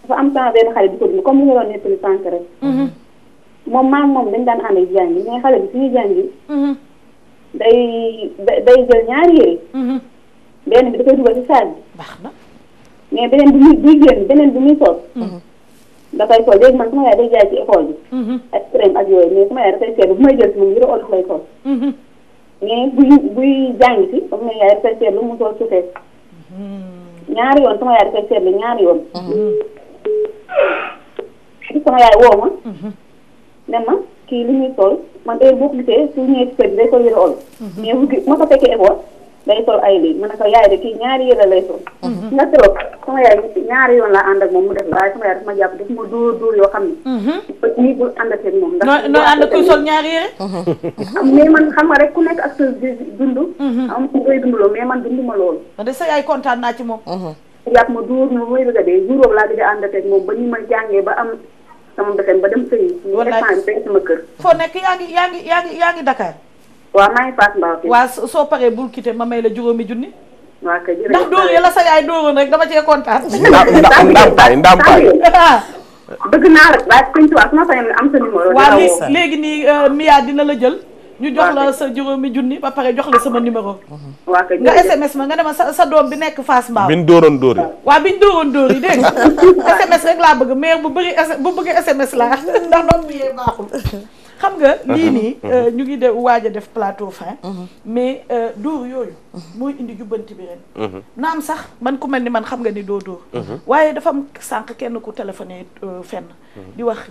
dafa am sama benn xale bu ko dund comme ni nga doon mm-hmm. moom dañ daan ànd ak jàngi mais xale bi suñuy jàngi mm-hmm. day day jël ñaari yére. Mhm. benn bi da koy dugal ci saag bi. baax na mais beneen bi muy buy génn beneen bi muy sol. Mhm. da koy sol léegi man sama yaay day jaay ci école bi. Mhm. ak crème ak yooyu mais sama yaay dafay seetlu bu may jël ci moom yére olof lay sol. mais buy buy jàng si sama yaay dafay seetlu mu sol suufee. ñaari yoon sama yaay dafay seetlu ñaari yoon. sama yaay woo ma. ne ma. li ñuy sol man heure boo ko gisee su ñëwee ci day sol yëre ol. Mhm. mais bu ma ko fekkee école day sol ay lii ma ne ko yaay de kii ñaari yëre lay sol. Mhm. nga trop sama yaay ñaari yoon laa ànd ak moom mu def waaye sama yaay dafa ma jàpp daf ma dóor dóor yoo xam ne. parce que ñii bu ànd ak moom. ndax noo noo ànd kuy mhm. ma yaay kontaan naa moom. yàpp ma a dee jour laa gëj a moom ba ñu ma jàngee ba am sama mbéy ba dem sëy yi. walaay ñu sëy sama kër. foo nekk yaa ngi yaa ngi yaa ngi yaa ngi Dakar. waaw maa ngi Fass Mbao. waaw soo paree bul quitté ma may la juróomi junni. waaw kay jërëjëf ndax dóor yi la sa yaay dóoroon rek dama cee kontaan. ndaam ndaampaay ndaampaay. bëgg naa la waaye su ma sañoon am sa léegi nii Mia dina la jël. ñu jox la sa juróomi junni ba pare jox la sama numéro. nga SMS ma nga ne ma sa doom bi nekk Fass Mbao. biñ dóoroon dóor yi. waaw biñ dóoroon dóor yi dégg nga SMS *laughs* rek laa bëgg mais bu bëgg SMS laa *laughs* ndax doom bi yee baaxul. xam nga lii uh-huh. nii uh-huh. Euh, ñu ngi de waaj a def plateau fin uh-huh. mais euh, dóor yooyu mooy indi jubbanti bi ren am sax man ku mel ni man xam nga ni doo dóor waaye dafa am sànq kenn ku téléphoné euh, fenn di wax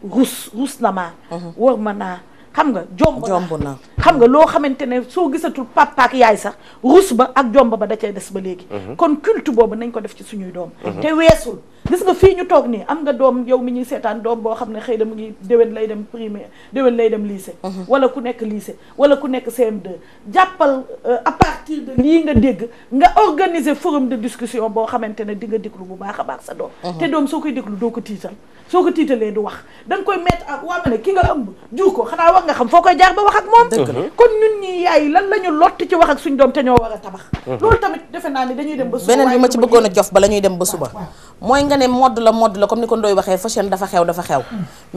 rus rus na maa war ma naa xam nga jomb jomb na xam nga loo xamante ne soo gisatul papa yaay sax rus ba ak jomb ba da cee des ba léegi mhm. kon culte boobu nañ ko def ci suñuy doom mhm. te weesul gis nga fii ñu toog nii am nga doom yow mi ñuy seetaan doom boo xam ne xëy na mu ngi déwén lay dem primaire déwén lay dem lycée mhm. wala ku nekk lycée wala ku nekk CM2 jàppal euh, à partir de lii nga dégg nga organiser forum de discussion boo xamante ne di nga déglu bu baax a baax sa doom mhm. te doom soo koy déglu doo ko tiital soo ko tiitalee du wax da koy mett ak waa ma ne ki nga ëmb jur ko xanaa war nga xam foo koy jaar ba wax ak moom mhm. kon ñun ñi yaay lan la ñu lott ci wax ak suñ doom te ñoo war a loolu tamit defe naa ni dañuy dem ba suba ma ci bëggoon a jof ba la dem ba suba ne modd la modd la comme ni ko Ndoye waxee fashion dafa xew dafa xew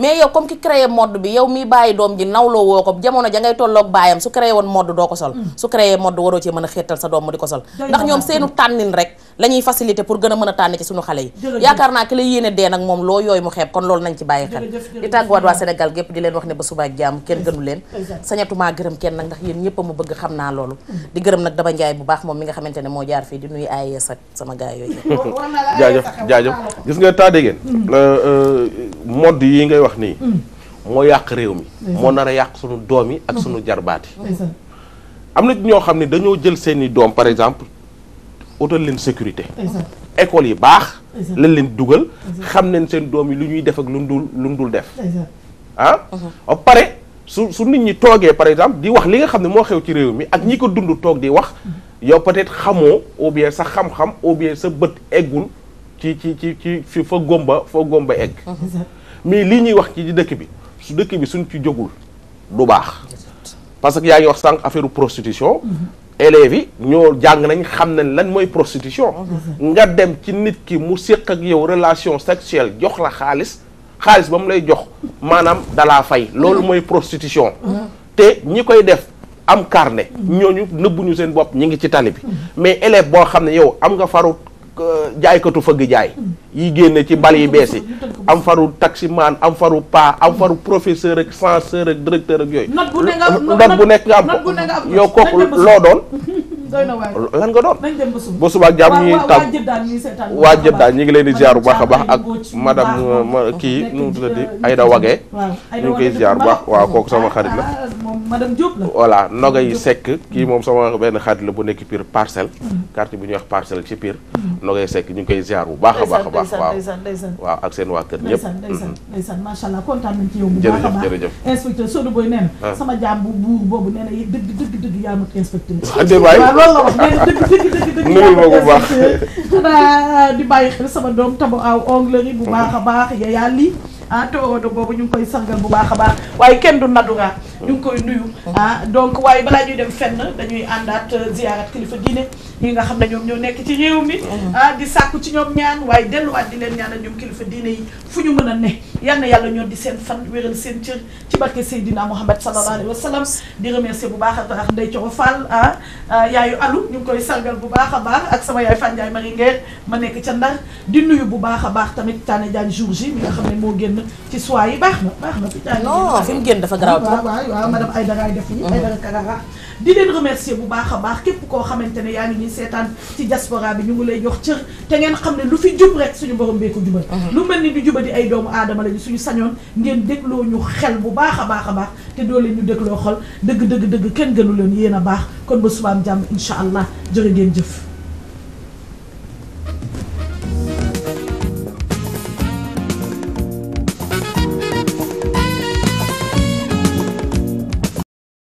mais yow comme ki créé modd bi yow miy bàyyi doom ji nawloo woo ko jamono ja mm. a xéttal sa doom mu di ko sol ndax ñoom seenu tànnin rek la ñuy facilité pour gën a a tànn ci suñu xale yi yaakaar naa ki la yéene dee nag moom loo yooyu mu xeeb kon loolu nañ ci bàyyi xel di tàgguwaat waa Sénégal gépp di leen wax ne ba suba jàmm kenn gënu leen sañatumaa gërëm kenn nag ndax yéen ñëpp a ma bëgg xam naa loolu di gërëm nag daba njaay bu baax moom mi nga xamante ne moo jaar fii di nuyu ay sama gaay yooyu *laughs* jaajëf gis nga taa dégg modd yi ngay wax nii. Mm. moo yàq réew mi. moo nara yàq sunu doom yi ak mm. sunu jarbaat am na ñoo xam ne dañoo jël seeni doom par exemple utal leen sécurité. école yi baax. lañ leen dugal. xam nañ seen doom yi lu ñuy def ak lu dul lu dul def. ah. Mm-hmm. ba pare su su nit ñi toogee par exemple di wax li nga xam ne moo xew ci réew mi ak ñi ko dund toog di wax mm-hmm. yow peut-être xamoo ou bien sa xam-xam ou bien sa bët eggul. ci ci ci ci fi fa gomba fa gomba egg mais lii ñuy wax ci ci dëkk bi su dëkk bi suñ ci jógul du baax parce que yaa ngi wax sànq affaire prostitution élèves yi ñoo jàng nañ xam ne lan mooy prostitution nga dem ci nit ki mu séq ak yow relation sexuelle jox la xaalis xaalis ba mu lay jox maanaam dalaa fay loolu mooy prostitution te ñi koy def am ñoo ñu ñooñu nëbbuñu seen bopp ñi ngi ci tali bi mais élève boo xam ne yow am nga faru jaaykatu fëgg jaay yi génne ci bal yi bees yi am faru taximaan am faru pa am faru professeur ak censeur ak directeur ak yooyu not bu nekk nga am ko yow kooku loo doon *laughs* lan nga doon ba suba ak jàmm waa jëb daal ñi ngi leen di ziar bu baax a baax ak madame euh, kii nu mu tuddati euh, Aïda Wage ñu ngi koy ziar bu baax waaw kooku sama ah, xarit la ah, ah, madame Diop la voilà noga yi sekk kii mm. moom sama benn xarit la bu nekk Pire parcelle mm. quartier bu ñuy wax parcelle ci Pire mm. noga yi sekk ñu ngi koy ziar bu baax a baax a baax waaw waaw ak seen waa kër ñëpp ndeysaan ndeysaan mm-hmm. macha allah kontaan nañ ci bu baax a baax jërëjëf inspecteur Sodou Boy nee na sama jaam bu buur boobu nee na dëgg *laughs* loolu la wax nee na dëgg dëgg di bàyyi xel sama doom tabu aw onglerie bu baax a baax ya yàlli ah toodo boobu ñu ngi koy sargal bu baax a baax waaye kenn du nadduraa ñu ngi koy nuyu ah donc waaye balaa ñuy dem fenn dañuy àndaat euh, ziyaarat kilifa diine ñi nga xam ne ñoom ñoo nekk ci réew mi mhm. ah di sàkku ci ñoom ñaan waaye delluwaat di leen ñaanal ñoom kilifa diine yi fu ñu mën a ne na yàlla ñoo di seen fan wéral seen cër ci barke Seydina Mouhamed sallallahu alayhi wa sallam di remercier bu baax a tax Ndeye Thioro Fall ah, ah yaayu alu ñu ngi koy sargal bu baax a baax ak sama yaay Fandiaye Marie Nguer ma nekk ca Ndar di nuyu bu baax a baax tamit Tane Diagne jour ji mi nga xam ne moo génn ci soir yi baax na baax na fi mu génn dafa garaaw waaw waaw madame Aïdara di leen remercier bu baax a baax képp koo xamante ne yaa ngi ñuy seetaan ci diaspora bi ñu ngi lay jox cër te ngeen xam ne lu fi jub rek suñu borom bee ko jubal mhm. lu mel ni du di ay doomu aadama lañu suñu sañoon ngeen dégloo ñu xel bu baax a baax a baax te doo leen ñu dégloo xol dëgg dëgg dëgg kenn gënu leen yéen a baax kon ba subaam jàmm incha allah jërë ngeen jëf